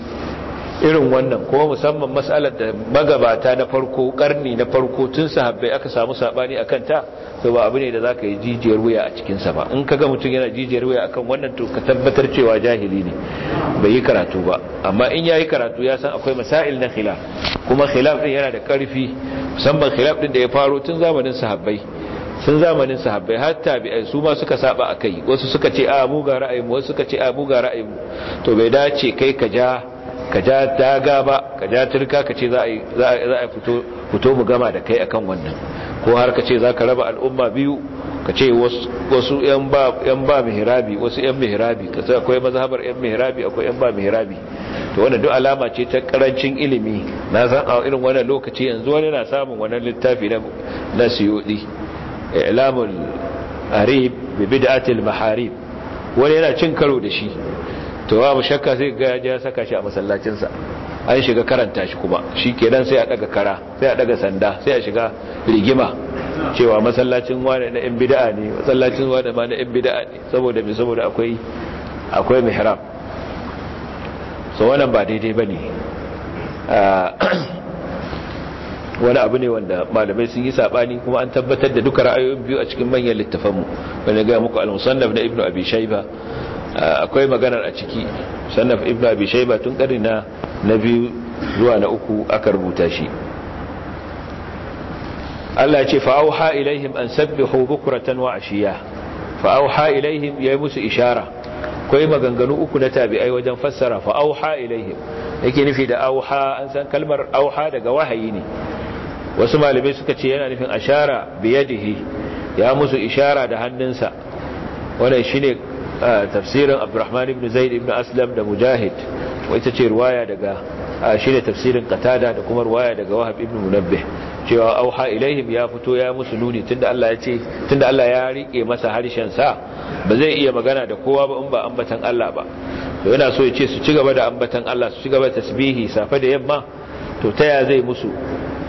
irin wannan kuma musamman matsalar da magabata na farko karni na farko tun sahabbai aka samu sabani akan ta to ba abu ne da zaka yi jijiyar wuya a cikin sa ba in kaga mutum yana jijiyar wuya akan wannan to ka tabbatar cewa jahili ne bai yi karatu ba amma in yayi karatu ya san akwai masail na khilaf kuma khilaf din yana da karfi musamman khilaf din da ya faro tun zamanin sahabbai sun zamanin sahabbai har tabi'ai su ma suka saba akai wasu suka ce a mu ga ra'ayi wasu suka ce a mu ga ra'ayi to bai dace kai ka ja ka ja daga ba ka ja turka ka ce za a fito mu gama da kai akan wannan ko har ka ce za ka raba al'umma biyu ka ce wasu 'yan ba mihirabi wasu 'yan mihirabi ka sai akwai mazhabar 'yan mihirabi akwai 'yan ba mihirabi to wannan duk alama ce ta karancin ilimi na san a irin wannan lokaci yanzu wani na samun wannan littafi na siyodi ilamul arib bi bid'atil maharib wani yana cin karo da shi to babu shakka sai ga ya saka shi a masallacin sa an shiga karanta shi kuma shi kenan sai a daga kara sai a daga sanda sai a shiga rigima cewa masallacin wani na yan bid'a ne masallacin wani ma na yan bid'a ne saboda me saboda akwai akwai mihrab so wannan ba daidai bane ah, wani abu ne wanda malamai sun yi sabani kuma an tabbatar da duka ra'ayoyin biyu a cikin manyan littafanmu wanda ga muku al-musannaf na ibnu abi shayba akwai maganar a ciki sannan ibn abi shayba tun karni na biyu zuwa na uku aka rubuta shi Allah ya ce fa auha ilaihim an sabbihu bukratan wa ashiya fa auha ilaihim yayi musu ishara akwai maganganu uku na tabi'ai wajen fassara fa auha ilaihim yake nufi da auha an san kalmar auha daga wahayi ne wasu malamai suka ce yana nufin ashara biyadihi ya musu ishara da hannunsa wannan shine tafsirin abdurrahman ibn zaid ibn aslam da mujahid ita ce ruwaya daga shi ne tafsirin qatada da kuma riwaya daga wahab ibn munabbih cewa auha ilaihim ya fito ya musu nuni tunda Allah ya ce tunda Allah ya rike masa harshen sa ba zai iya magana da kowa ba in ba ambatan Allah ba to yana so ya ce su ci gaba da ambatan Allah su ci gaba da tasbihi safa da yamma to ta ya zai musu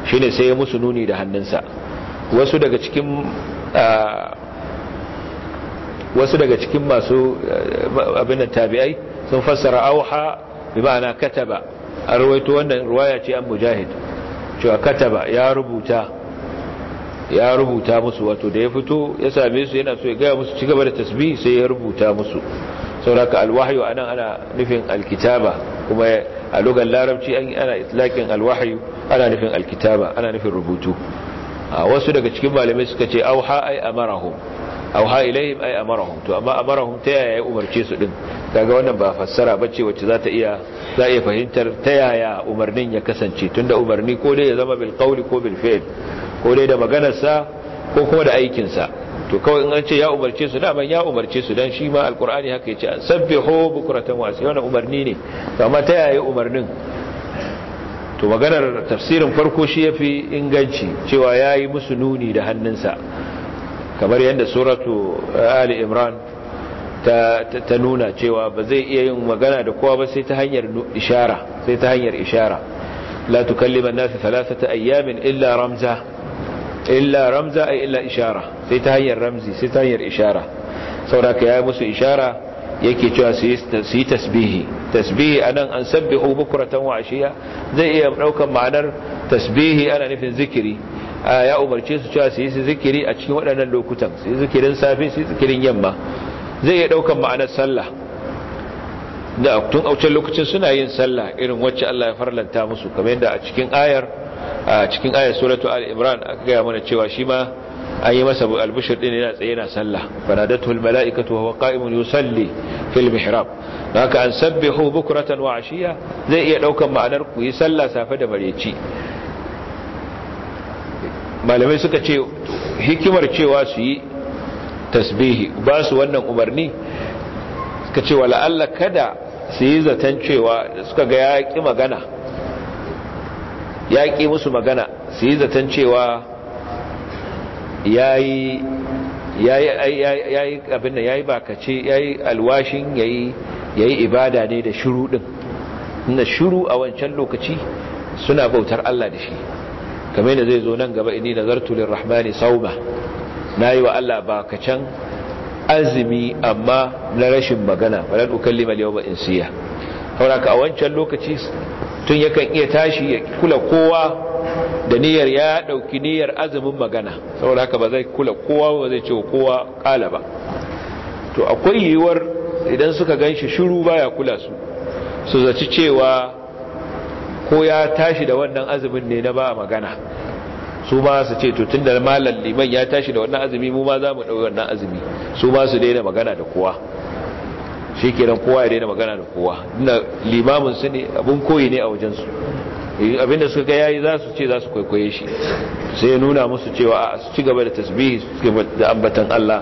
shine sai ya musu nuni da hannunsa wasu daga cikin wasu daga cikin masu eh, abin da tabi'ai sun fassara auha bi ma'ana kataba a rawaito wannan ruwaya ce an mujahid cewa kataba ya rubuta ya rubuta musu wato da ya fito ya same su yana so ya gaya musu ci gaba da tasbih sai ya rubuta musu sauraka alwahyu anan ana nufin alkitaba kuma a lugar larabci ana itlaqin alwahyu ana nufin alkitaba ana nufin rubutu a wasu daga cikin malamai suka ce auha ai amarahum auha ilaihim ay amarahum to amma amarahum ta yaya ya umarce su din kaga wannan ba fassara bace wacce za ta iya za iya fahimtar ta yaya umarnin ya kasance tunda umarni ko dai ya zama bil qawli ko bil fi'l ko dai da maganar sa ko kuma da aikin sa to kawai in an ce ya umarce su ban ya umarce su dan shi ma alqur'ani haka yace sabbihu bukratan wa asiyana umarni ne amma ta yaya umarnin to maganar tafsirin farko shi yafi inganci cewa yayi musu nuni da hannunsa kamar yadda suratu eh, ali imran ta nuna cewa ba zai iya yin magana da kowa ba sai ta hanyar ishara sai ta hanyar ishara la tukallima an-nasa thalathata ayyamin illa ramza illa ramza ay illa ishara sai ta hanyar ramzi sai ta hanyar ishara sauraka yayi musu ishara yake cewa su yi tasbihi tasbihi anan an sabbihu bukratan wa ashiya zai iya daukar ma'anar tasbihi ana nufin zikiri ya umarce su cewa su yi zikiri a cikin waɗannan lokutan su yi zikirin safe su yi zikirin yamma zai iya ɗaukan ma'anar sallah da tun aucen lokacin suna yin sallah irin wacce Allah ya farlanta musu kamar yadda a cikin ayar a cikin ayar suratu al-imran aka gaya mana cewa shi ma an yi masa albishir din yana tsaye yana sallah fanadatu al-mala'ikatu wa huwa qa'imun yusalli fil mihrab haka an sabbihu bukratan wa ashiya zai iya ɗaukan ma'anar ku yi sallah safe da bareci malamai suka ce hikimar cewa su yi tasbihi ba su wannan umarni suka ce wa la'alla kada su yi zaton cewa suka ga ya ƙi magana ya ƙi musu magana su yi zaton cewa ya yi abin ya yi bakace ya yi alwashin ya yi ibada ne da shuru din. na shuru a wancan lokaci suna bautar Allah da shi kamar yadda zai zo nan gaba inni nazartu lirrahmani sauma nayi wa Allah bakacan azumi amma na rashin magana falan ukallima al-yawma insiya saboda a wancan lokaci tun yakan iya tashi ya kula kowa da niyyar ya dauki niyyar azumin magana saboda haka ba zai kula kowa ba zai ce kowa kala ba to akwai yiwuwar idan suka ganshi shiru baya kula su su zaci cewa ko ya tashi da wannan azumin ne na ba magana su ma su ce tutun da malar liman ya tashi da wannan azumi mu ma za mu ɗau wannan azumi su ma su daina magana da kowa shi kenan kowa ya daina magana da kowa ina limamin su ne abin koyi ne a wajensu eh, da suka yayi za su ce za su kwaikwaye shi sai ya nuna musu cewa a su ci gaba da tasbihi su ci gaba da ambatan Allah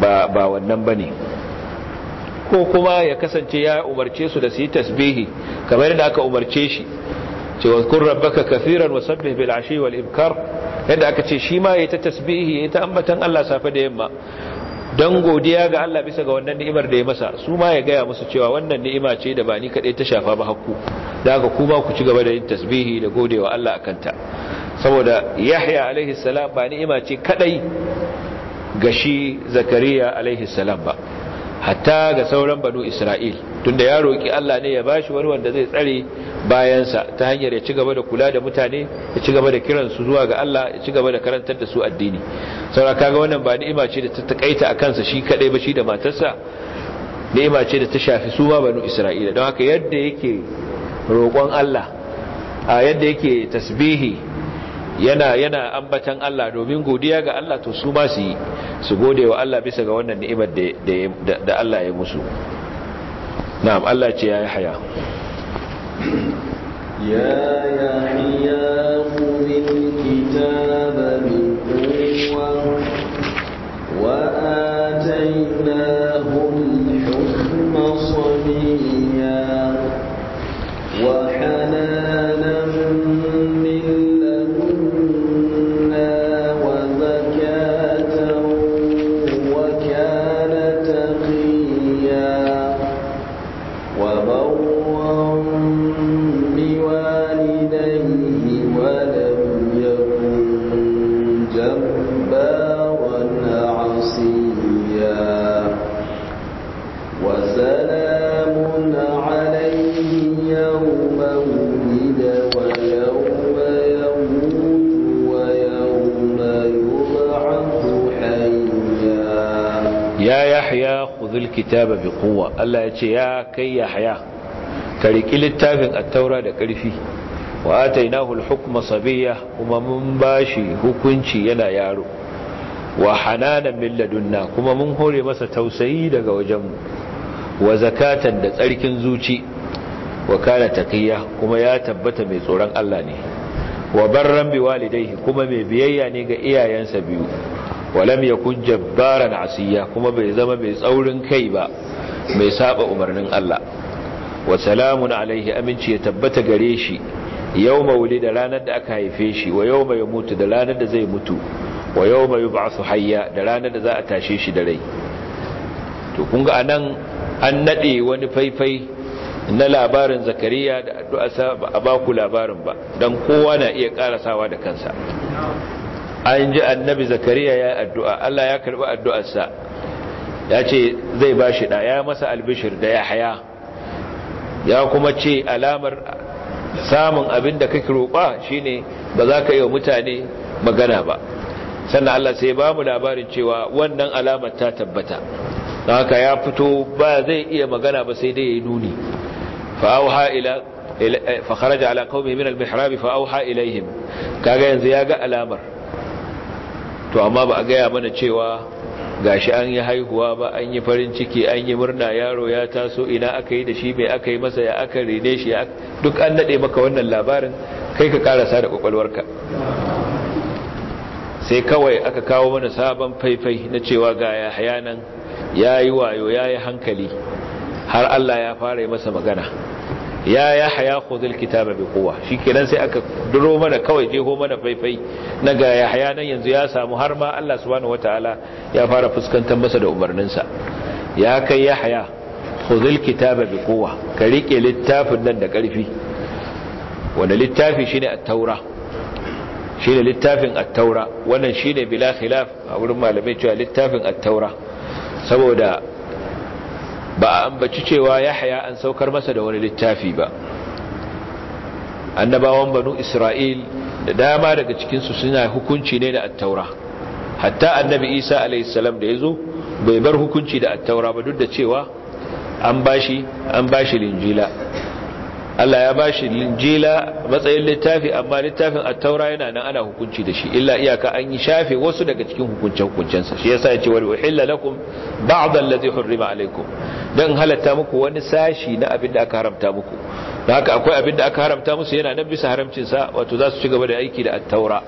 ba wannan ba ne. ko kuma ya kasance ya umarce su da su yi tasbihi kamar yadda aka umarce shi ce wa kun rabbaka kafiran wa sabbih bil ashi wal ibkar yadda aka ce shi ma ya ta tasbihi ya ta ambatan Allah safe da yamma dan godiya ga Allah bisa ga wannan ni'imar da ya masa su ma ya gaya musu cewa wannan ni'ima ce da ba ni kadai ta shafa ba hakku da ku kuma ku ci gaba da yin tasbihi da godewa Allah akan ta saboda Yahya alaihi salam ba ni'ima ce kadai ga shi Zakariya alaihi salam ba hatta ga sauran banu isra'il tunda ya roki Allah ne ya bashi wani wanda zai tsare bayansa ta hanyar ya ci gaba da kula da mutane ya ci gaba da kiransu zuwa ga Allah ya ci gaba da karantar da su addini saura kaga wannan ba ni'ima ce da ta takaita a kansa shi kaɗai ba shi da matarsa ni'ima ce da ta shafi su ma banu isra'ila don haka yadda yake roƙon Allah a yadda yake tasbihi yana yana ambatan Allah domin godiya ga Allah to su ma su yi su gode wa Allah bisa ga wannan ni'imar da Allah ya musu na'am Allah ce ya yi haya ya ya kitaba bi quwwa Allah ya ce ya kai Yahaya. ka riki littafin at-taura da ƙarfi wa atainahu al-hukma sabiyya kuma mun bashi hukunci yana yaro wa hananan min kuma mun hore masa tausayi daga wajenmu wa zakatan da tsarkin zuci wa kana taqiya kuma ya tabbata mai tsoron Allah ne wa barran bi kuma mai biyayya ne ga iyayensa biyu walam yakun jabbaran asiya kuma bai zama mai tsaurin kai ba mai saba umarnin Allah wa salamun alaihi aminci ya tabbata gare shi yau mauli da ranar da aka haife shi wa yau mai da ranar da zai mutu wa yau mai su hayya da ranar da za a tashe shi da rai to kun ga anan an nade wani faifai na labarin zakariya da addu'a ba a ba ku labarin ba dan kowa na iya karasawa da kansa an ji annabi zakariya ya yi addu'a Allah ya karɓi addu'arsa ya ce zai ba shi ɗaya masa albishir da ya haya ya kuma ce alamar samun abin da kake roƙa shine ba za ka yi wa mutane magana ba sannan Allah sai ba mu labarin cewa wannan alamar ta tabbata don haka ya fito ba zai iya magana ba sai dai ya yi nuni fa'auha ila fa min ilaihim kaga yanzu ya ga alamar to amma ba a gaya mana cewa gashi an yi haihuwa ba an yi farin ciki an yi murna yaro ya taso ina aka yi da shi mai aka yi masa ya aka rene shi duk an nade maka wannan labarin kai ka karasa da kwakwalwarka sai kawai aka kawo mana sabon faifai na cewa ga yahaya nan ya yi wayo ya yi hankali har Allah ya fara yi masa magana ya ya haya kitaba bi quwwa kenan sai aka duro mana kawai jeho mana faifai na ga ya haya nan yanzu ya samu har ma Allah subhanahu wataala ya fara fuskantar masa da sa ya kai ya haya kitaba bi quwwa ka rike littafin nan da karfi wanda littafi shine at-taura shine littafin at-taura wannan shine bila khilaf a wurin malamai cewa littafin at-taura saboda ba a ambaci cewa yahya an saukar masa da wani littafi ba annabawan banu isra'il da dama daga cikinsu suna hukunci ne da attaura hatta annabi isa alaihissalam da ya zo bai bar hukunci da attaura ba duk da cewa an bashi an bashi linjila Allah ya bashi linjila matsayin littafi amma littafin at-taura yana nan ana hukunci da shi illa iyaka an yi shafe wasu daga cikin hukuncen hukuncensa shi yasa yace wa uhilla lakum ba'd allazi hurrima alaikum dan halatta muku wani sashi na abin da aka haramta muku da haka akwai abin da aka haramta musu yana nan bisa haramcin sa wato za su ci gaba da aiki da at-taura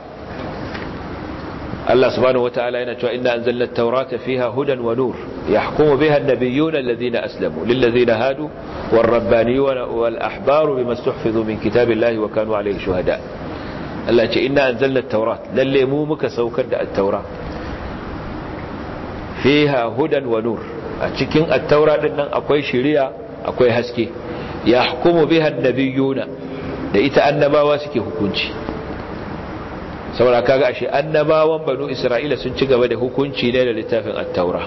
Allah subhanahu wataala yana cewa inna anzalna at-taurata fiha hudan wa nur yahkumu biha an-nabiyyuna alladhina aslamu lilladhina hadu war-rabbaniyuna wal-ahbaru bima stuhfizu min kitabillahi wa kanu alayhi shuhada Allah ce inna anzalna at-taurat lalle mu muka saukar da at-taura fiha hudan wa nur a cikin at-taura din nan akwai shari'a akwai haske yahkumu biha an-nabiyyuna da ita annabawa suke hukunci saboda kaga ashe annabawan banu isra'ila sun ci gaba da hukunci ne da littafin at-taura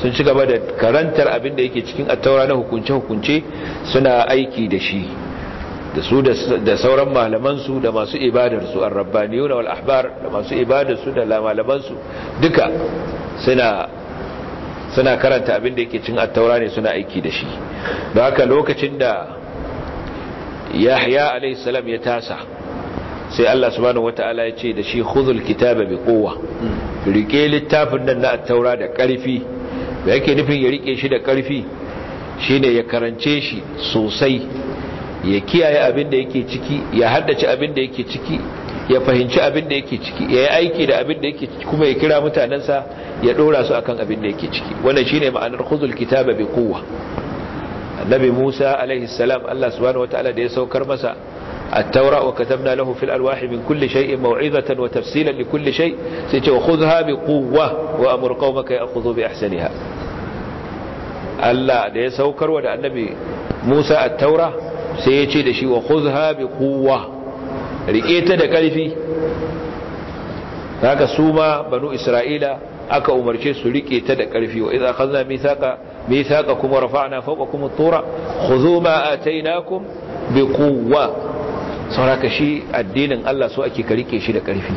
sun ci gaba da karantar abin da yake cikin at-taura na hukunce hukunce suna aiki da shi da su da sauran malaman su da masu ibadar su ar rabbaniyun wal ahbar da masu ibadar su da malaman su duka suna suna karanta abin da yake cikin at-taura ne suna aiki da shi don haka lokacin da Yahya alayhi salam ya tasa sai Allah subhanahu wataala ya ce da shi khudhul kitaba bi quwwa rike littafin nan na taura da karfi da yake nufin ya rike shi da karfi shine ya karance shi sosai ya kiyaye abin da yake ciki ya haddace abin da yake ciki ya fahimci abin da yake ciki ya yi aiki da abin da yake ciki kuma ya kira mutanensa ya dora su akan abin da yake ciki wannan shine ma'anar khudhul kitaba bi quwwa annabi Musa alaihi salam Allah subhanahu wataala da ya saukar masa التوراة وكتبنا له في الألواح من كل شيء موعظة وتفصيلا لكل شيء خذها بقوة وأمر قومك يأخذوا بأحسنها Allah da ya saukar wa annabi Musa a taura sai ya ce da shi wa khuzha bi quwwa rike da karfi haka su ma banu Isra'ila aka umarci su rike da karfi wa idza khazna mithaqa mithaqakum wa rafa'na fawqakum tura ma sauraka shi addinin Allah so ake karike shi da ƙarfi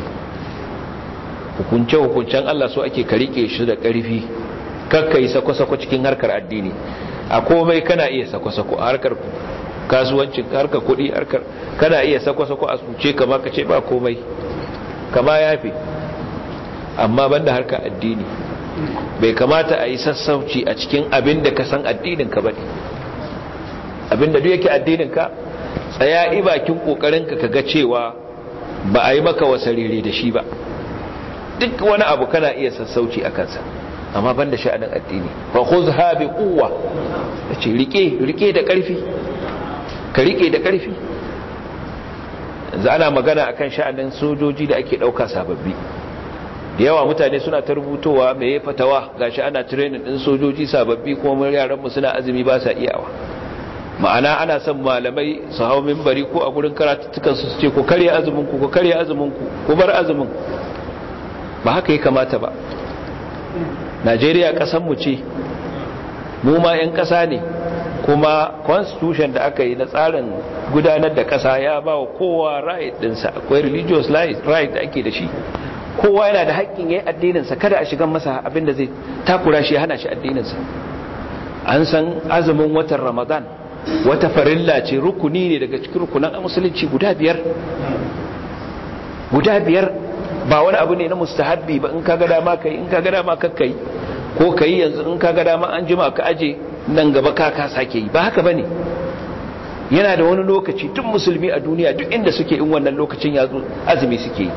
hukunce-hukuncen Allah so ake karike shi da ƙarfi kakka yi sako-sako cikin harkar addini a komai kana iya sako-sako a harkar kasuwancin harkar kudi harkar kana iya sako-sako a suce kama ka ce ba komai kama ya fi amma banda harkar addini bai kamata a yi sassauci a cikin abin da ka san addininka ba ne abin da duk yake addininka tsaya bakin ibakin ka kaga cewa ba a yi maka wasarere da shi ba duk wani abu kana iya sassauci a kansa amma banda sha'anin addini fa khuzha bi quwwa ce rike rike da karfi ka rike da karfi ana magana akan sha'anin sojoji da ake dauka sababbi da yawa mutane suna ta rubutowa mai fatawa gashi ana training din sojoji sababbi kuma yaran mu suna azumi ba sa iyawa ma'ana ana son malamai su hau mimbari ko a gurin karatuttukan su ce ku karya azumin ku ku karya azumin ku ku bar azumin ba haka ya kamata ba Najeriya kasan mu ce mu ma 'yan kasa ne kuma constitution da aka yi na tsarin gudanar da kasa ya ba wa kowa right sa akwai religious right da ake da shi kowa yana da haƙƙin ya addinin sa kada a shiga masa abin da zai takura shi hana shi addininsa an san azumin watan ramadan wata farilla ce rukuni ne daga cikin rukunan musulunci guda biyar guda biyar ba wani abu ne na mustahabbi ba in ka ga dama kai in ka ga dama kakkai ko kai yanzu in ka ga dama an jima ka aje nan gaba ka ka sake yi ba haka bane yana da wani lokaci tun musulmi a duniya duk inda suke in wannan lokacin ya azumi suke yi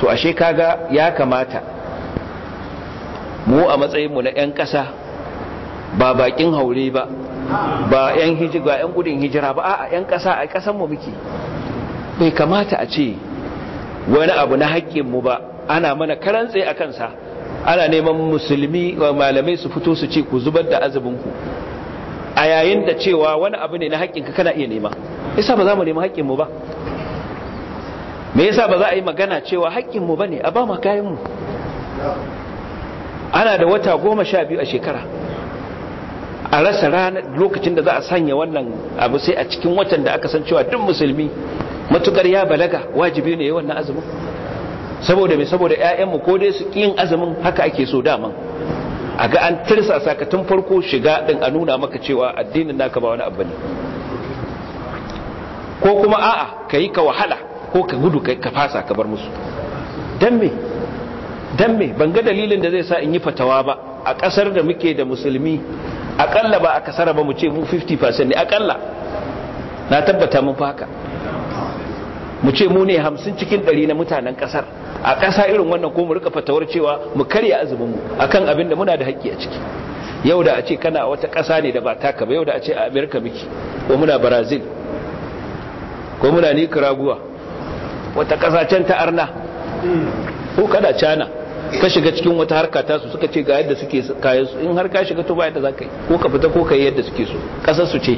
to ashe kaga ya kamata mu a matsayin mu na 'yan ƙasa ba bakin haure ba ba yan hijira yan gudun hijira ba a'a yan kasa a kasan mu muke bai kamata a ce wani abu na haƙƙin mu ba ana mana karantse a kansa ana neman musulmi wa malamai su fito su ce ku zubar da azubin ku a yayin da cewa wani abu ne na ka kana iya nema yasa ba za mu nema haƙƙin mu ba me yasa ba za a yi magana cewa haƙƙinmu ba ne a ba mu mu ana da wata goma sha biyu a shekara a rasa ranar lokacin da za a sanya wannan abu sai a cikin watan da aka san cewa duk musulmi matukar ya balaga wajibi ne wannan azumin saboda mai saboda 'ya'yanmu ko dai su yin azumin haka ake so dama? a ga an tirsa sakatun farko shiga din a nuna maka cewa addinin naka ba wani abu ne ko kuma a'a kayi ka wahala ko ka gudu ka fasa ka bar musu dan me me ban ga dalilin da zai sa in yi fatawa ba a ƙasar da muke da musulmi akalla ba a kasara ba mu ce mu 50% ne akalla na tabbata mun faka mu ce mu ne 50 cikin 100 na mutanen kasar a kasa irin wannan ko mu rika fatawar cewa mu karya azumin mu akan abin da muna da haƙƙi a ciki yau da a ce kana wata kasa ne da ba taka ba yau da a ce a America miki ko muna Brazil ko muna Nicaragua wata kasa can ta arna ko kada cana ka shiga cikin wata harka ta su suka ce ga yadda suke kayan su in har ka shiga to ba yadda za ka yi ko ka fita ko ka yi yadda suke so ƙasar su ce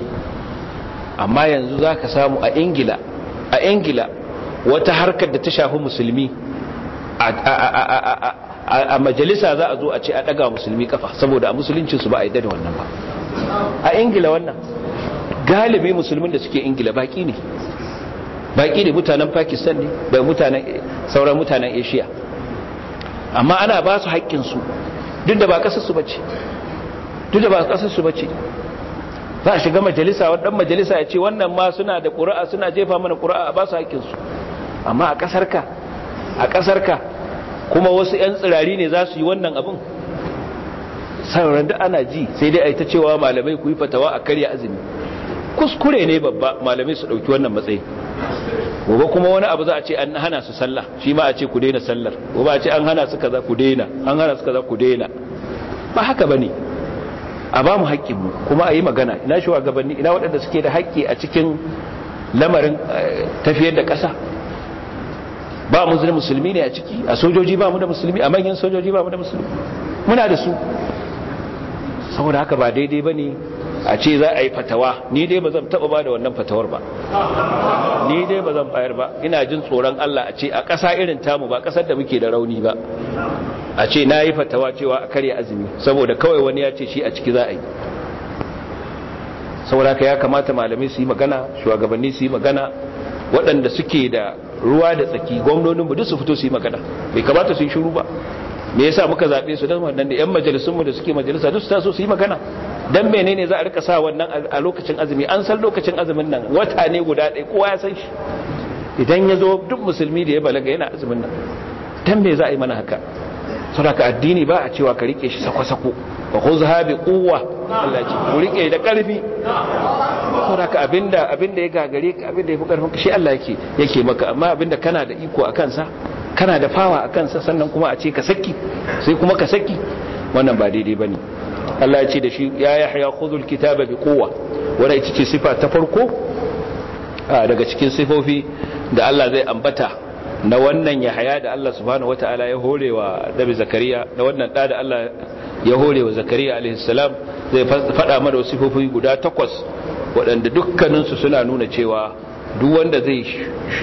amma yanzu za ka samu a ingila a ingila wata harkar da ta shafi musulmi a majalisa za a zo a ce a ɗaga musulmi kafa saboda a su ba a yi da wannan ba a ingila wannan galibi musulmin da suke ingila baki ne baki ne mutanen pakistan ne da mutanen sauran mutanen asia amma ana ba su haƙƙinsu duk da ba ƙasarsu ba ce duk da ba ƙasarsu ba ce za a shiga majalisa ɗan majalisa ya ce wannan ma suna da ƙura'a suna jefa mana ƙura'a a ba su haƙƙinsu amma a ƙasarka a ƙasarka kuma wasu 'yan tsirari ne za su yi wannan abin sauran da ana ji sai dai a yi ta cewa malamai ku yi fatawa a karya azumi kuskure ne babba malamai su ɗauki wannan matsayi gobe kuma wani abu za a ce an hana su sallah shi ma a ce ku daina sallar gobe a ce an hana su kaza ku daina an hana su kaza ku daina ba haka bane a ba mu mu kuma a yi magana ina gabanni ina waɗanda suke da haƙƙi a cikin lamarin eh, tafiyar da ƙasa ba mu da musulmi ne a ciki a sojoji ba mu da musulmi a manyan sojoji ba mu da musulmi muna da su saboda haka ba daidai bane a ce za a yi fatawa ni dai ba zan taɓa ba da wannan fatawar ba ni dai ba zan bayar ba ina jin tsoron Allah a ce a ƙasa irin tamu ba ƙasar da muke da rauni ba a ce na yi fatawa cewa a karya azumi saboda kawai wani ya ce shi a ciki za a yi saboda ka ya kamata malamai su yi magana shugabanni su yi magana waɗanda suke da ruwa da tsaki gwamnoninmu duk su fito su yi magana bai kamata su yi shuru ba me yasa muka zaɓe su da wannan da 'yan majalisunmu da suke majalisa duk su taso su yi magana dan menene za a rika sa wannan a lokacin azumi an san lokacin azumin nan wata ne guda ɗaya kowa ya san shi idan ya zo duk musulmi da ya balaga yana azumin nan dan me za a yi mana haka saboda addini ba a cewa ka rike shi sako-sako ba ku zaha bi kuwa Allah ce ku rike da karfi saboda abinda abinda ya gagare ka abinda ya fi karfin shi Allah yake yake maka amma abinda kana da iko a kansa kana da fawa a kansa sannan kuma a ce ka saki sai kuma ka saki wannan ba daidai bane Allah ya ce da shi ya haya khudhul kitaba bi kowa wani ita ce sifa ta farko daga cikin sifofi da Allah zai ambata na wannan haya da Allah subhanahu wataala ya horewa dabi Zakariya da wannan da Allah ya horewa Zakariya alaihissalam zai zai mada mana sifofi guda takwas waɗanda dukkaninsu suna nuna cewa duk wanda zai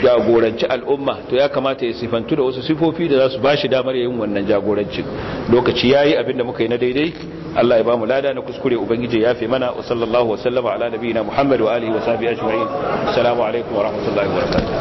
jagoranci al'umma to ya kamata ya sifantu da wasu sifofi da za su ba shi damar yin wannan jagoranci lokaci ya yi abinda muka yi na daidai Allah ya ba mu lada na kuskure ubangiji ya fi mana wa sallallahu wa sallama ala nabiyina Muhammad wa alihi wa sahbihi ajma'in assalamu alaikum wa rahmatullahi wa barakatuh